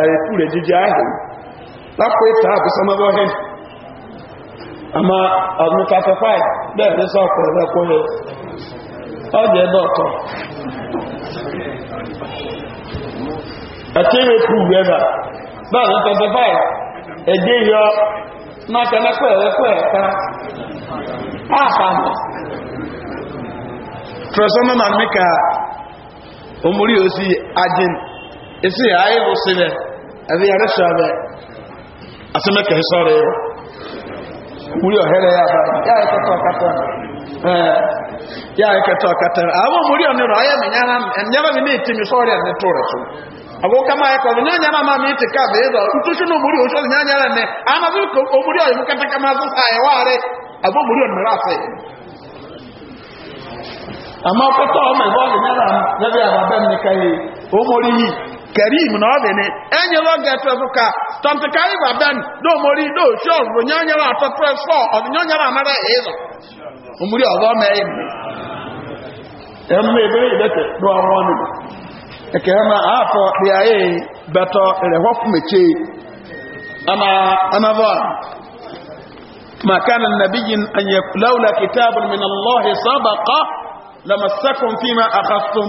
Speaker 2: ẹ̀rẹ̀kú rẹ̀ jíjẹ ahì lápò ìta àbúsọmọ́bọ́hẹ́ àmà ọdún 35 bẹ́ẹ̀ ní sọ́ọ̀pọ̀ ẹ̀rẹ́kú rẹ̀ ọjọ́ ẹ̀dọ́ọ̀tọ̀ ẹ̀tí ìrẹ́kú bẹ́ẹ̀ ní 35 ẹ̀dẹ́ yọ ẹ̀fẹ́ yàrá ṣọ́ abẹ́ asẹ́mẹ́kẹ̀ sọ́rọ̀ yóò múrí ọ̀hẹ́rẹ́ yà ẹ̀kẹ́tọ̀ ọ̀kátẹ̀rẹ̀ àwọn múrí ọ̀nìrọ̀ ayẹ́ mìnyára ẹ̀nyára mi ní ìtìmí sọ́rọ̀ ẹ̀ ní tó tó àwọn kama ẹ̀kọ́ ní nyára máa mi ti káàbẹ̀ ẹ̀dọ̀ ntúṣú ní múrí oṣù ní nyára ní àmà sí omúrí ọ̀yẹ̀mú kẹtẹkẹmà sí àyẹ̀wò rẹ̀ àbọ̀ múrí ọ̀nìrọ̀ àfẹ́ àmà ọkọ̀tọ̀ ọmọ ìbọ̀ ọ̀nìyàrá karim na ọ dị ni enyere oge tụka tọmpịka ịba ben domori doshon bụ nye onyere atọ tresfọ ọdịnye onyere amara ịzọ omuri ọzọ mee ibu ẹmọ ebere ibete do ọwọ ni ẹkẹ ẹmọ afọ yaye bẹtọ ẹrẹhọ kumeche ama anabọ ما كان النبي أن لولا كتاب من الله سبق لمسكم فيما أخذتم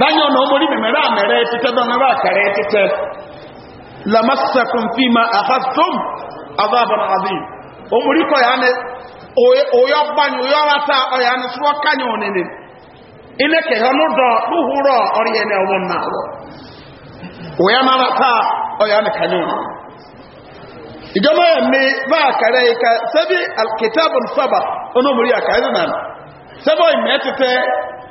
Speaker 2: báyìí ọ̀nà ọmọdé mẹ̀mẹ̀rẹ̀ àmẹ̀rẹ̀ títẹ́ dánarà àkàrẹ̀ títẹ́ lamasakun fi ma àfàtún azaban azim ọmọdé kọ ya ni oyọ gbani oyọ rata ọya ni sọ kanyọ nínú ilé kẹhẹ ọmọ dọ lóhùrọ ọrẹ yẹn ní ọmọ náà wọ oyọ máa rata ọya ni kanyọ nínú ìjọba yẹn ni bá àkàrẹ̀ yìí ká sẹ́bi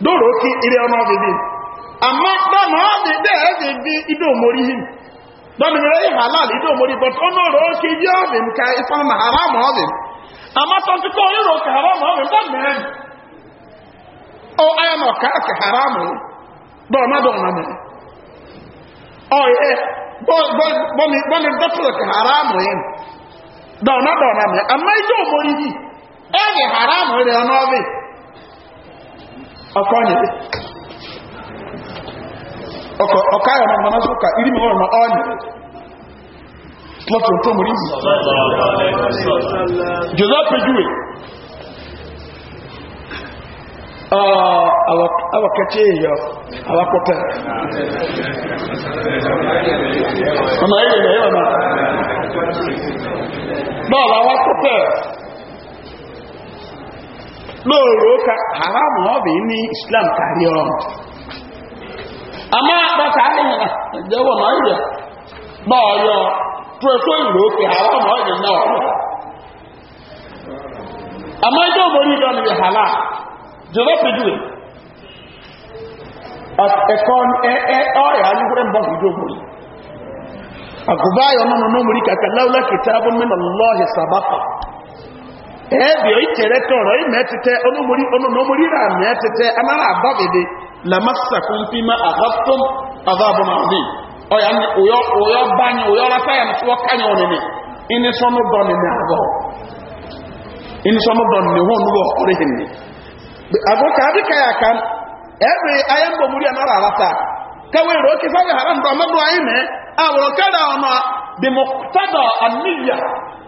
Speaker 2: dóòrò kí ilé ọmọ ọ̀dìdì àmọ́ dáàmù ọ̀dìdì ẹ̀ẹ́dì bí omori him yìí dọ́mìnira yìí halal idó omori but ó nóòrò kí yí ọ̀dì nǹka ìfọ́nmà haram ọ̀dì àmọ́ tó ti kọ́ onírò kí haram ọ̀dì dọ́mìnira ó ayọ̀ nà ọ̀ka kí haram dọ́ọ̀mádọ́ọ̀mà mẹ́rin ọ̀ ẹ̀ bọ́ni dọ́tọ̀ kí haram yìí dọ́ọ̀mádọ́ọ̀mà mẹ́rin àmọ́ idó mórí yìí afanye ọkọ ọkọ ayọ na mmana sọka iri mi wọn ma ọnyẹ slọtọ ntọ mori yi jọzọ pejuwe awakẹtẹ yọ awakọtẹ
Speaker 3: ọmọ ayẹyẹ yọ na
Speaker 2: bọọlụ awakọtẹ. lóòrò ka haram ọ̀bì ní islam kárí ọ̀rọ̀ àmá ma ọ ìjẹ́wọ̀ náà yẹ oke yọ pẹ̀lú ìlú òkè ọ ọ̀yẹ ama ndị àmá ẹjọ́ ndị ìjọ ni hàlá jọba pẹ̀lú ẹ̀kọ́ ọ̀yà alúgbọ́n bọ́ ìjọ òmòrí àgùbáyọ̀ náà nọ́mùrí ẹ̀ẹ́bì ọ̀ ìtẹ̀rẹ́ tọ̀rọ̀ ìmẹ́tẹ̀tẹ́ onómorírà mẹ́tẹ̀tẹ́ amára àbábẹ̀dẹ̀ lamasakun fi ma àbáfún àbábọ̀mọ̀bí ọ̀yà ní òyọ́ báyìí òyọ́ látàyà tí wọ́n káyọ̀ nìní inisọ́nù dọ̀nì ní àgọ́ inisọ́nù dọ̀nì ní wọn wọ ọ̀rẹ́ hìn ní. ka káàdì káyà kan ẹ̀ẹ́bì ayé ń bọ̀mọ̀rí amára àlátà káwé rò ó kí sáwé haram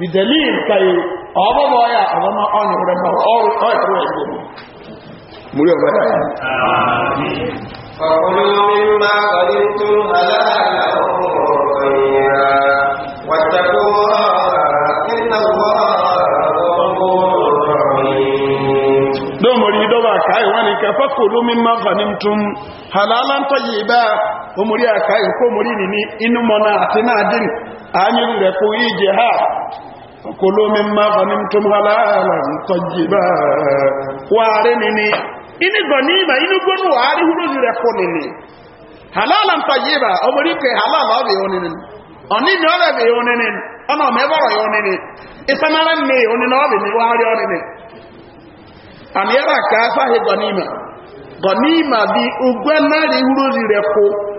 Speaker 2: بدليل كي أبا بايا أبا ما أنا ورما أو أو أو مريم بايا
Speaker 3: فكلوا مما غنمتم حلالا طيبا واتقوا الله إن الله
Speaker 2: دوم ريدوا كاي وانك فكلوا مما غنمتم حلالا طيبا omori aka ikwo omori nini inu mona ati na adin anyi ije ha kulu mimma ghanimtum halalan tayyiba ware nini ini ghanima inu gonu ware huru zire ko nini halalan tayyiba omori ke halal obi onini oni ni ore bi onini ona me boro yo onini onini onini ka bi ugwe na huru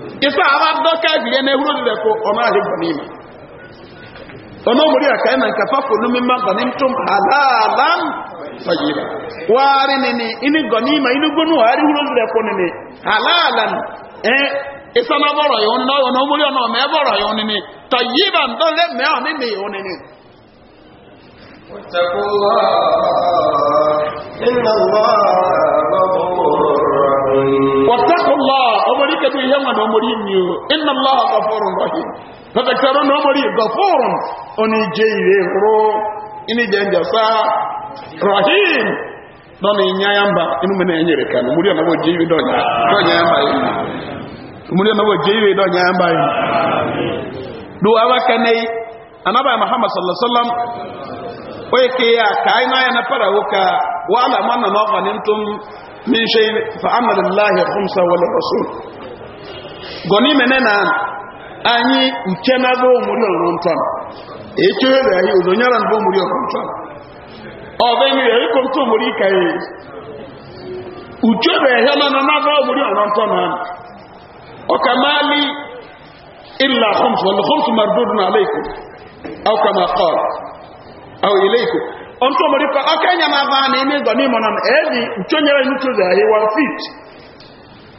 Speaker 2: ìfẹ́ àwọn adọ́kẹ́ ìgbìyẹ na ewúrò rẹ̀ kó ọmọ àrẹ gbọ̀n ìmọ̀ ọmọ òmùrí àkà ẹ̀mà ń kàfà fòlú mímọ́ gbọ̀n ní tó àlàálá ń fàyèrè wáárí nìní inú gbọ̀n ìmọ̀ inú gbónú àárí wúrò rẹ̀ kó nìní àlàálá ń ẹ ìsọ́nà bọ̀rọ̀ yóò ń lọ́wọ́ náà múrí ọ̀nà mẹ́ bọ̀rọ̀ yóò nìní tọ̀yíbà ń dọ́lẹ̀ mẹ́ ọ̀ nìní yóò nìní. واتقوا الله إن الله malaikatu yamma no mori ni inna allaha ghafurur rahim fadakaru no mori ghafurun oni jeire ro ini jenja sa rahim don nyayamba inu mena nyere kan muri na bo je do nya do nyayamba inu muri na bo jeire do nyayamba inu do awaka nei anaba muhammad sallallahu alaihi wasallam oike ya kai na ya na fara wa ala manna nafanintum min shay fa khumsa wal gọni mene na anyị uche na bụ omuri ọrụ ntọ eche ere anyị ozonyara bụ omuri ọrụ ntọ ọbụ enyi ya ịkọ ntọ omuri ka ya e. uche ere ihe mana na ọrụ ntọ na ọka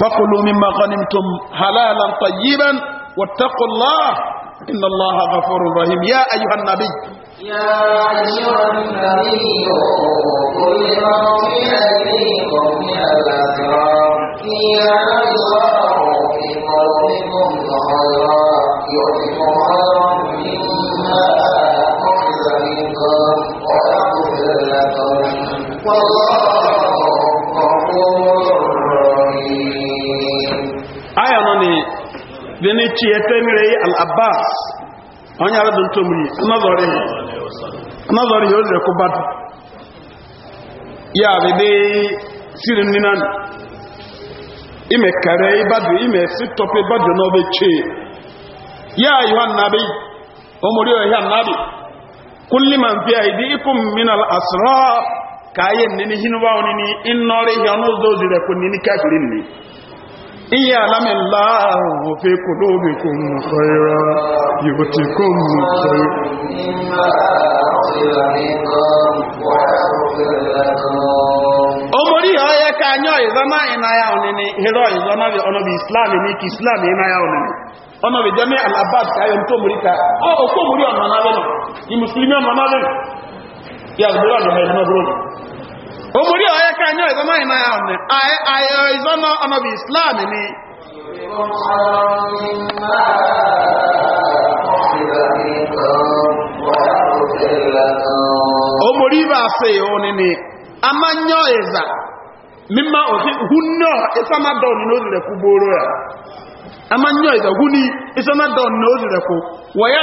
Speaker 2: فكلوا مما غنمتم حلالا طيبا واتقوا الله إن الله غفور رحيم يا أيها النبي
Speaker 3: يا أيها النبي
Speaker 2: قل لمن في أيديكم
Speaker 3: من الأسرار إن يعلم الله في قلوبكم خيرا يؤتكم خيرا مما أخذ منكم ويغفر لكم والله
Speaker 2: dene ci etemire al abbas onya ra dun tomuri nazari nazari yo le ya be siri sirin ninan ime kare ibadu ime si tope badu no be ya ayuhan nnabi omuri o ya nabi kulli man fi aidikum min al asra kayen nini hinwa onini innori hanozo zire kunini kafirin ni Iye الله في قلوبكم خيرا يؤتكم خيرا مما أخذ منكم ويغفر لكم omori oye ka anyo izona ina ya onini hero izona islam n'ike islam ọnịnị, ka omori ka omori ni nọ omori ọ̀yẹ́ ká ní ọ̀ìzọ́mọ́ ìmáyà ọ̀nà ayọ̀ ìzọ́mọ́ ọmọbì islam eh? ni omori bá fẹ́ ìhun ni a máa ń yọ ìzà mímá òfin hún náà ìsámádọ̀ ní ó rẹ̀ kú gbóòrò rẹ̀ a máa ń yọ ìzà hún ní ìsámádọ̀ ní ó rẹ̀ wọ́yá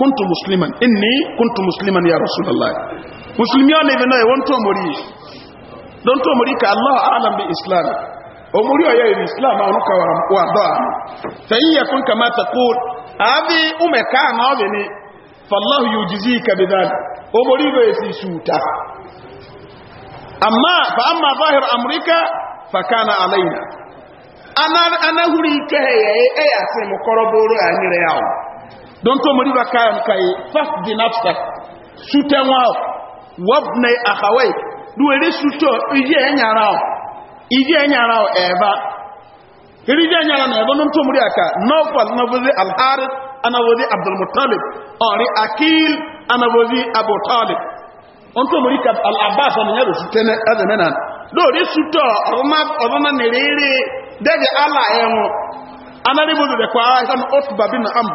Speaker 2: كنت مسلما إني كنت مسلما يا رسول الله مسلمين لنا وانتو مري دونتو مري الله أعلم بالاسلام ومري يا الإسلام أنك وعضاء فإن يكون كما تقول هذه أمك أنا فالله يجزيك بذلك ومري بيسي سوتا أما فأما ظاهر أمريكا فكان علينا أنا أنا هريك هي أي أسمى قربور أني رياض don to muri ba kayan kai fast the nafsa shute wa wabna akhawai duwere shuto ije enyara o ije enyara o eba kiri ije enyara na eba don to muri aka nofal na buzi al-harith ana buzi abdul muttalib ori akil ana buzi abu talib on to muri ka al-abbas on yaro shute ne adamena lórí sútọ̀ ọ̀rọ̀má nìrírí dẹ́gbẹ̀ alá ẹ̀wọ̀n anárébòdò rẹ̀ pàá ìsànà ọ̀tùbàbí na àmù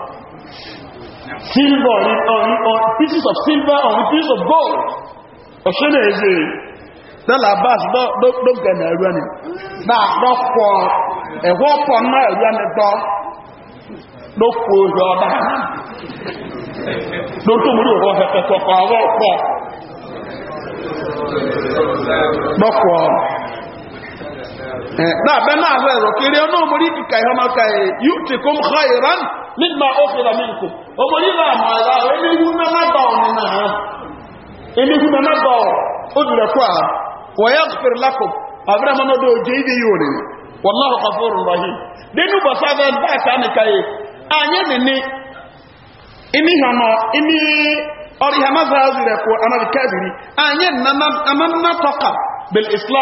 Speaker 2: silver on, on, on pieces of silver on pieces of gold ọ̀ṣẹ́nà èzè tẹ́lá báṣ lọ́gbẹ̀ ẹ̀rọ ni náà ẹ̀wọ́ pọ̀ ẹ̀rọ ni tọ́ ló kó ìjọ ló tó ọwọ́ pọ̀
Speaker 3: lọ́pọ̀ dábẹ́ náà rẹ̀ rọ̀ kiri
Speaker 2: ọ̀nà òmòrí kìkà ìhọ́mọ́ká ẹ̀ yóò ti kó mọ́ ìran nígbà ókèrè mínkù òmòrí làmà ẹ̀rọ eléwu mẹ́mẹ́bà ọ̀nà náà eléwu mẹ́mẹ́bà ọ̀dùrẹ̀kọ́ à wọ̀nyẹ́ kìfèrè lákò àbúrẹ́ mọ́nà ọdọ òjò ìdí yóò rẹ̀ wọ́láhù kàfóró rahim dénú bọ̀sá bẹ́ẹ̀ bá ẹ̀ka nìka yẹ ànyé nìní ìní hànà ìní ọ̀rìhàmá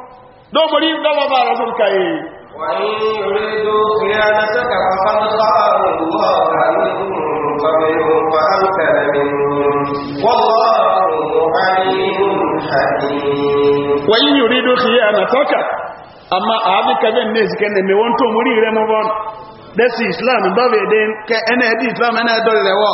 Speaker 2: dóòmòrí lọ́wọ́bà the kàyè wọ́n ní orí tó kìí alẹ́sẹ́kà pàpàlọ́pàá wọ́n yìí rí dókì yẹ́ ànàtọ́kà àmà àábíkẹ́bẹ̀ ní ìsìnkẹ́ nẹ̀mẹ̀ wọ́n tó múrí rẹ̀ mọ́ bọ́n dẹ́sì islam dọ́bẹ̀ẹ́dẹ́ ẹnẹ́ẹ̀dì islam ẹnẹ́ẹ̀dọ́lẹ̀wọ́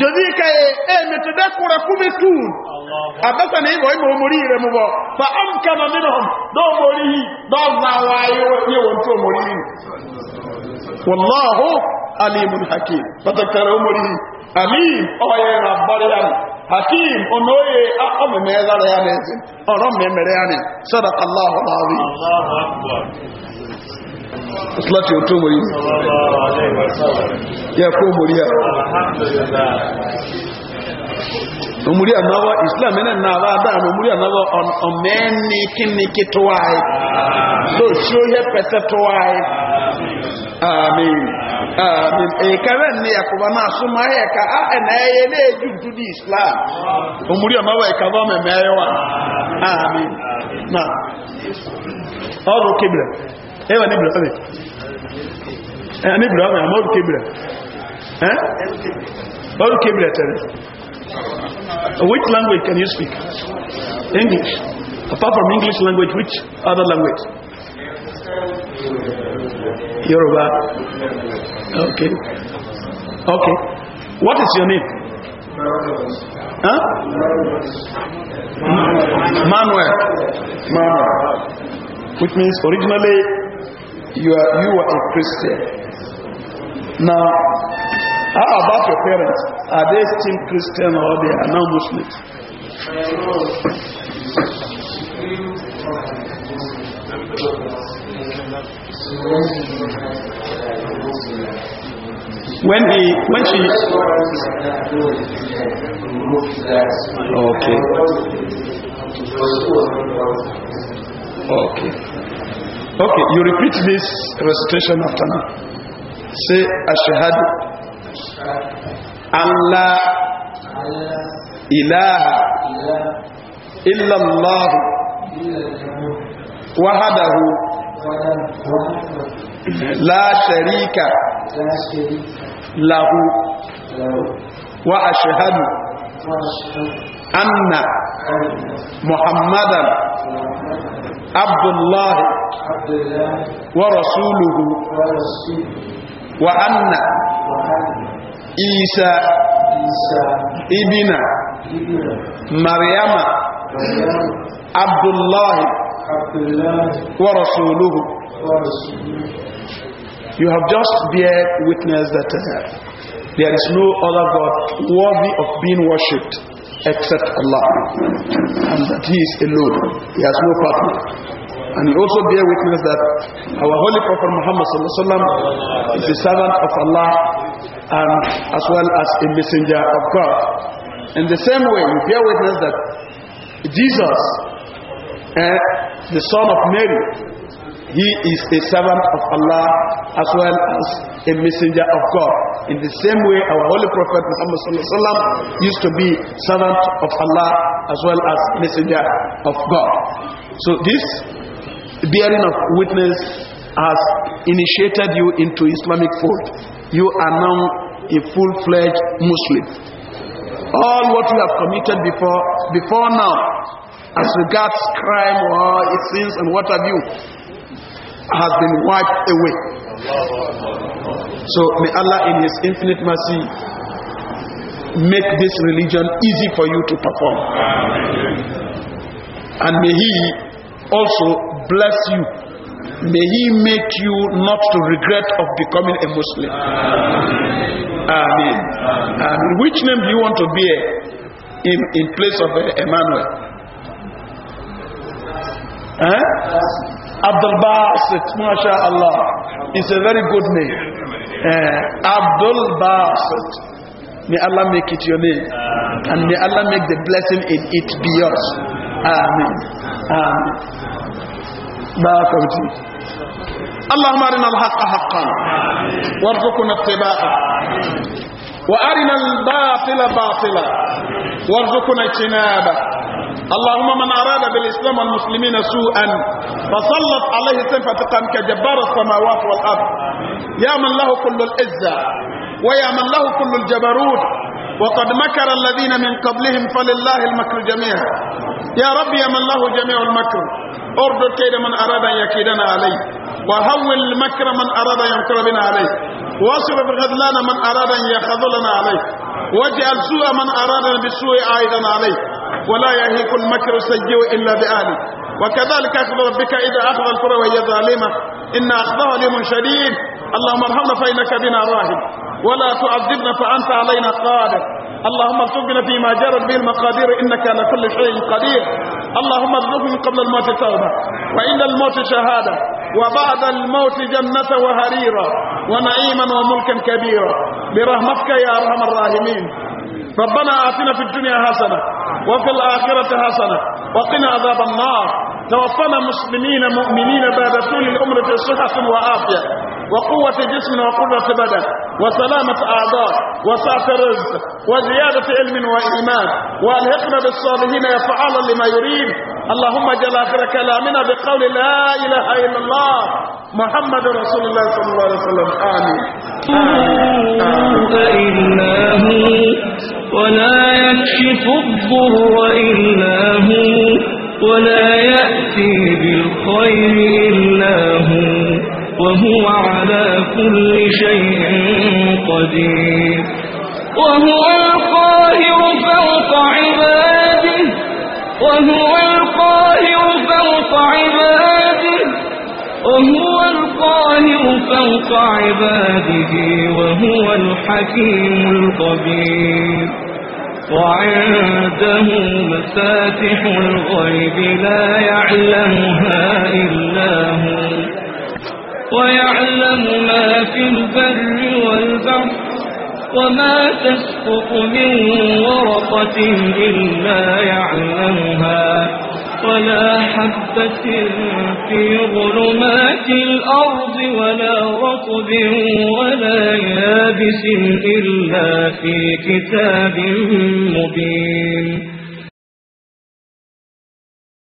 Speaker 2: domin ka yi e, emita da kura kuma tu a na ibo imo mori ire mu ba fa an kama minahum da mori da zawa yawan to mori wallahu alimun hakim fatakar mori alim oye rabbari yan hakim onoye a ọmọ mẹ zara ya ne ọrọ mẹ mere ya ne sadaka allahu láti ò tó Ya yà kó mọ̀rí à islam na náà dáàmù omúrí ànáwọ́ ọmẹ́ni kíníkí tó wáyé ló ṣó yẹ pẹ̀tẹ́ tó wáyé amin amin èkẹ́rẹ́ ní àkùbá náà súnmọ́ ẹ̀ka ẹ̀nà ẹ̀yẹ ní èjú dúdú islam e, amin ẹwà ní ní ẹ́ which language can you speak english apart from english language which other language yoruba okay okay what is your name Huh? Manuel. Manuel. Which means originally you are you are a Christian. Now, how about your parents? Are they still Christian or they are now Muslims? When he when she okay okay Okay, you repeat this recitation after me. Say, Ashahadu. Allah. Ilaha. Illallah.
Speaker 3: Wahadahu. La sharika. Lahu.
Speaker 2: Wa ashahadu. Anna. Muhammadan. Abdullah. ورسوله وأن عيسى ابن مريم عبد الله ورسوله You have just bear witness that uh, there is no other God worthy of being worshipped except Allah and that He is alone. He has no partner. And you also bear witness that our Holy Prophet Muhammad is the servant of Allah and as well as a messenger of God. In the same way, we bear witness that Jesus, eh, the son of Mary, he is a servant of Allah as well as a messenger of God. In the same way, our Holy Prophet Muhammad used to be servant of Allah as well as messenger of God. So this bearing of witness has initiated you into Islamic fold. You are now a full-fledged Muslim. All what you have committed before, before now, as regards crime or sins and what have you, has been wiped away. So may Allah in His infinite mercy make this religion easy for you to perform. And may He also bless you. May he make you not to regret of becoming a Muslim. Amen. Amen. which name do you want to bear in, in place of uh, Emmanuel? Huh? Abdul Basit, mashallah. It's a very good name. Uh, Abdul Basit. May Allah make it your name. And may Allah make the blessing in it be yours. Amen. Amen. اللهم أرنا الحق حقا وارزقنا اتباعه وأرنا الباطل باطلا وارزقنا اجتنابه اللهم من أراد بالإسلام والمسلمين سوءا فسلط عليه سنفتقا كجبار السماوات والأرض يا من له كل العزة ويا من له كل الجبروت وقد مكر الذين من قبلهم فلله المكر جميعا يا رب يا من له جميع المكر اردد كيد من أراد أن يكيدنا عليه وهول المكر من أراد أن يمكر بنا عليه واصرف الخذلان من أراد أن يخذلنا عليه واجعل سوء من أرادنا بالسوء عائدا عليه ولا يهيك المكر السيء إلا بأهله وكذلك أخذ ربك إذا أخذ القرى وهي ظالمة إن أخذها لم شديد اللهم ارحمنا فإنك بنا راهب ولا تعذبنا فأنت علينا قادر اللهم ارزقنا فيما جرت به المقادير إنك على كل شيء قدير اللهم ارزقهم قبل الموت توبة وعند الموت شهادة وبعد الموت جنة وهريرا ونعيما وملكا كبيرا برحمتك يا أرحم الراحمين ربنا آتنا في الدنيا حسنة وفي الآخرة حسنة وقنا عذاب النار توفنا مسلمين مؤمنين بعد طول الأمر في صحة وعافية وقوة جسم وقوة بدن وسلامة أعضاء وسعة رزق وزيادة علم وإيمان والهقنا بالصالحين يفعالا لما يريد اللهم جل آخر كلامنا بقول لا إله إلا الله محمد رسول الله صلى الله عليه وسلم آمين إلا هو
Speaker 1: ولا يكشف الضر إلا هو ولا يأتي بالخير إلا هو وهو على كل شيء قدير وهو القاهر فوق عباده وهو القاهر فوق عباده وهو القاهر فوق عباده وهو الحكيم القبير وعنده مفاتح الغيب لا يعلمها إلا هو ويعلم ما في البر والبحر وما تسقط من ورقة إلا يعلمها ولا حبة في ظلمات الأرض ولا رطب ولا يابس إلا في
Speaker 3: كتاب مبين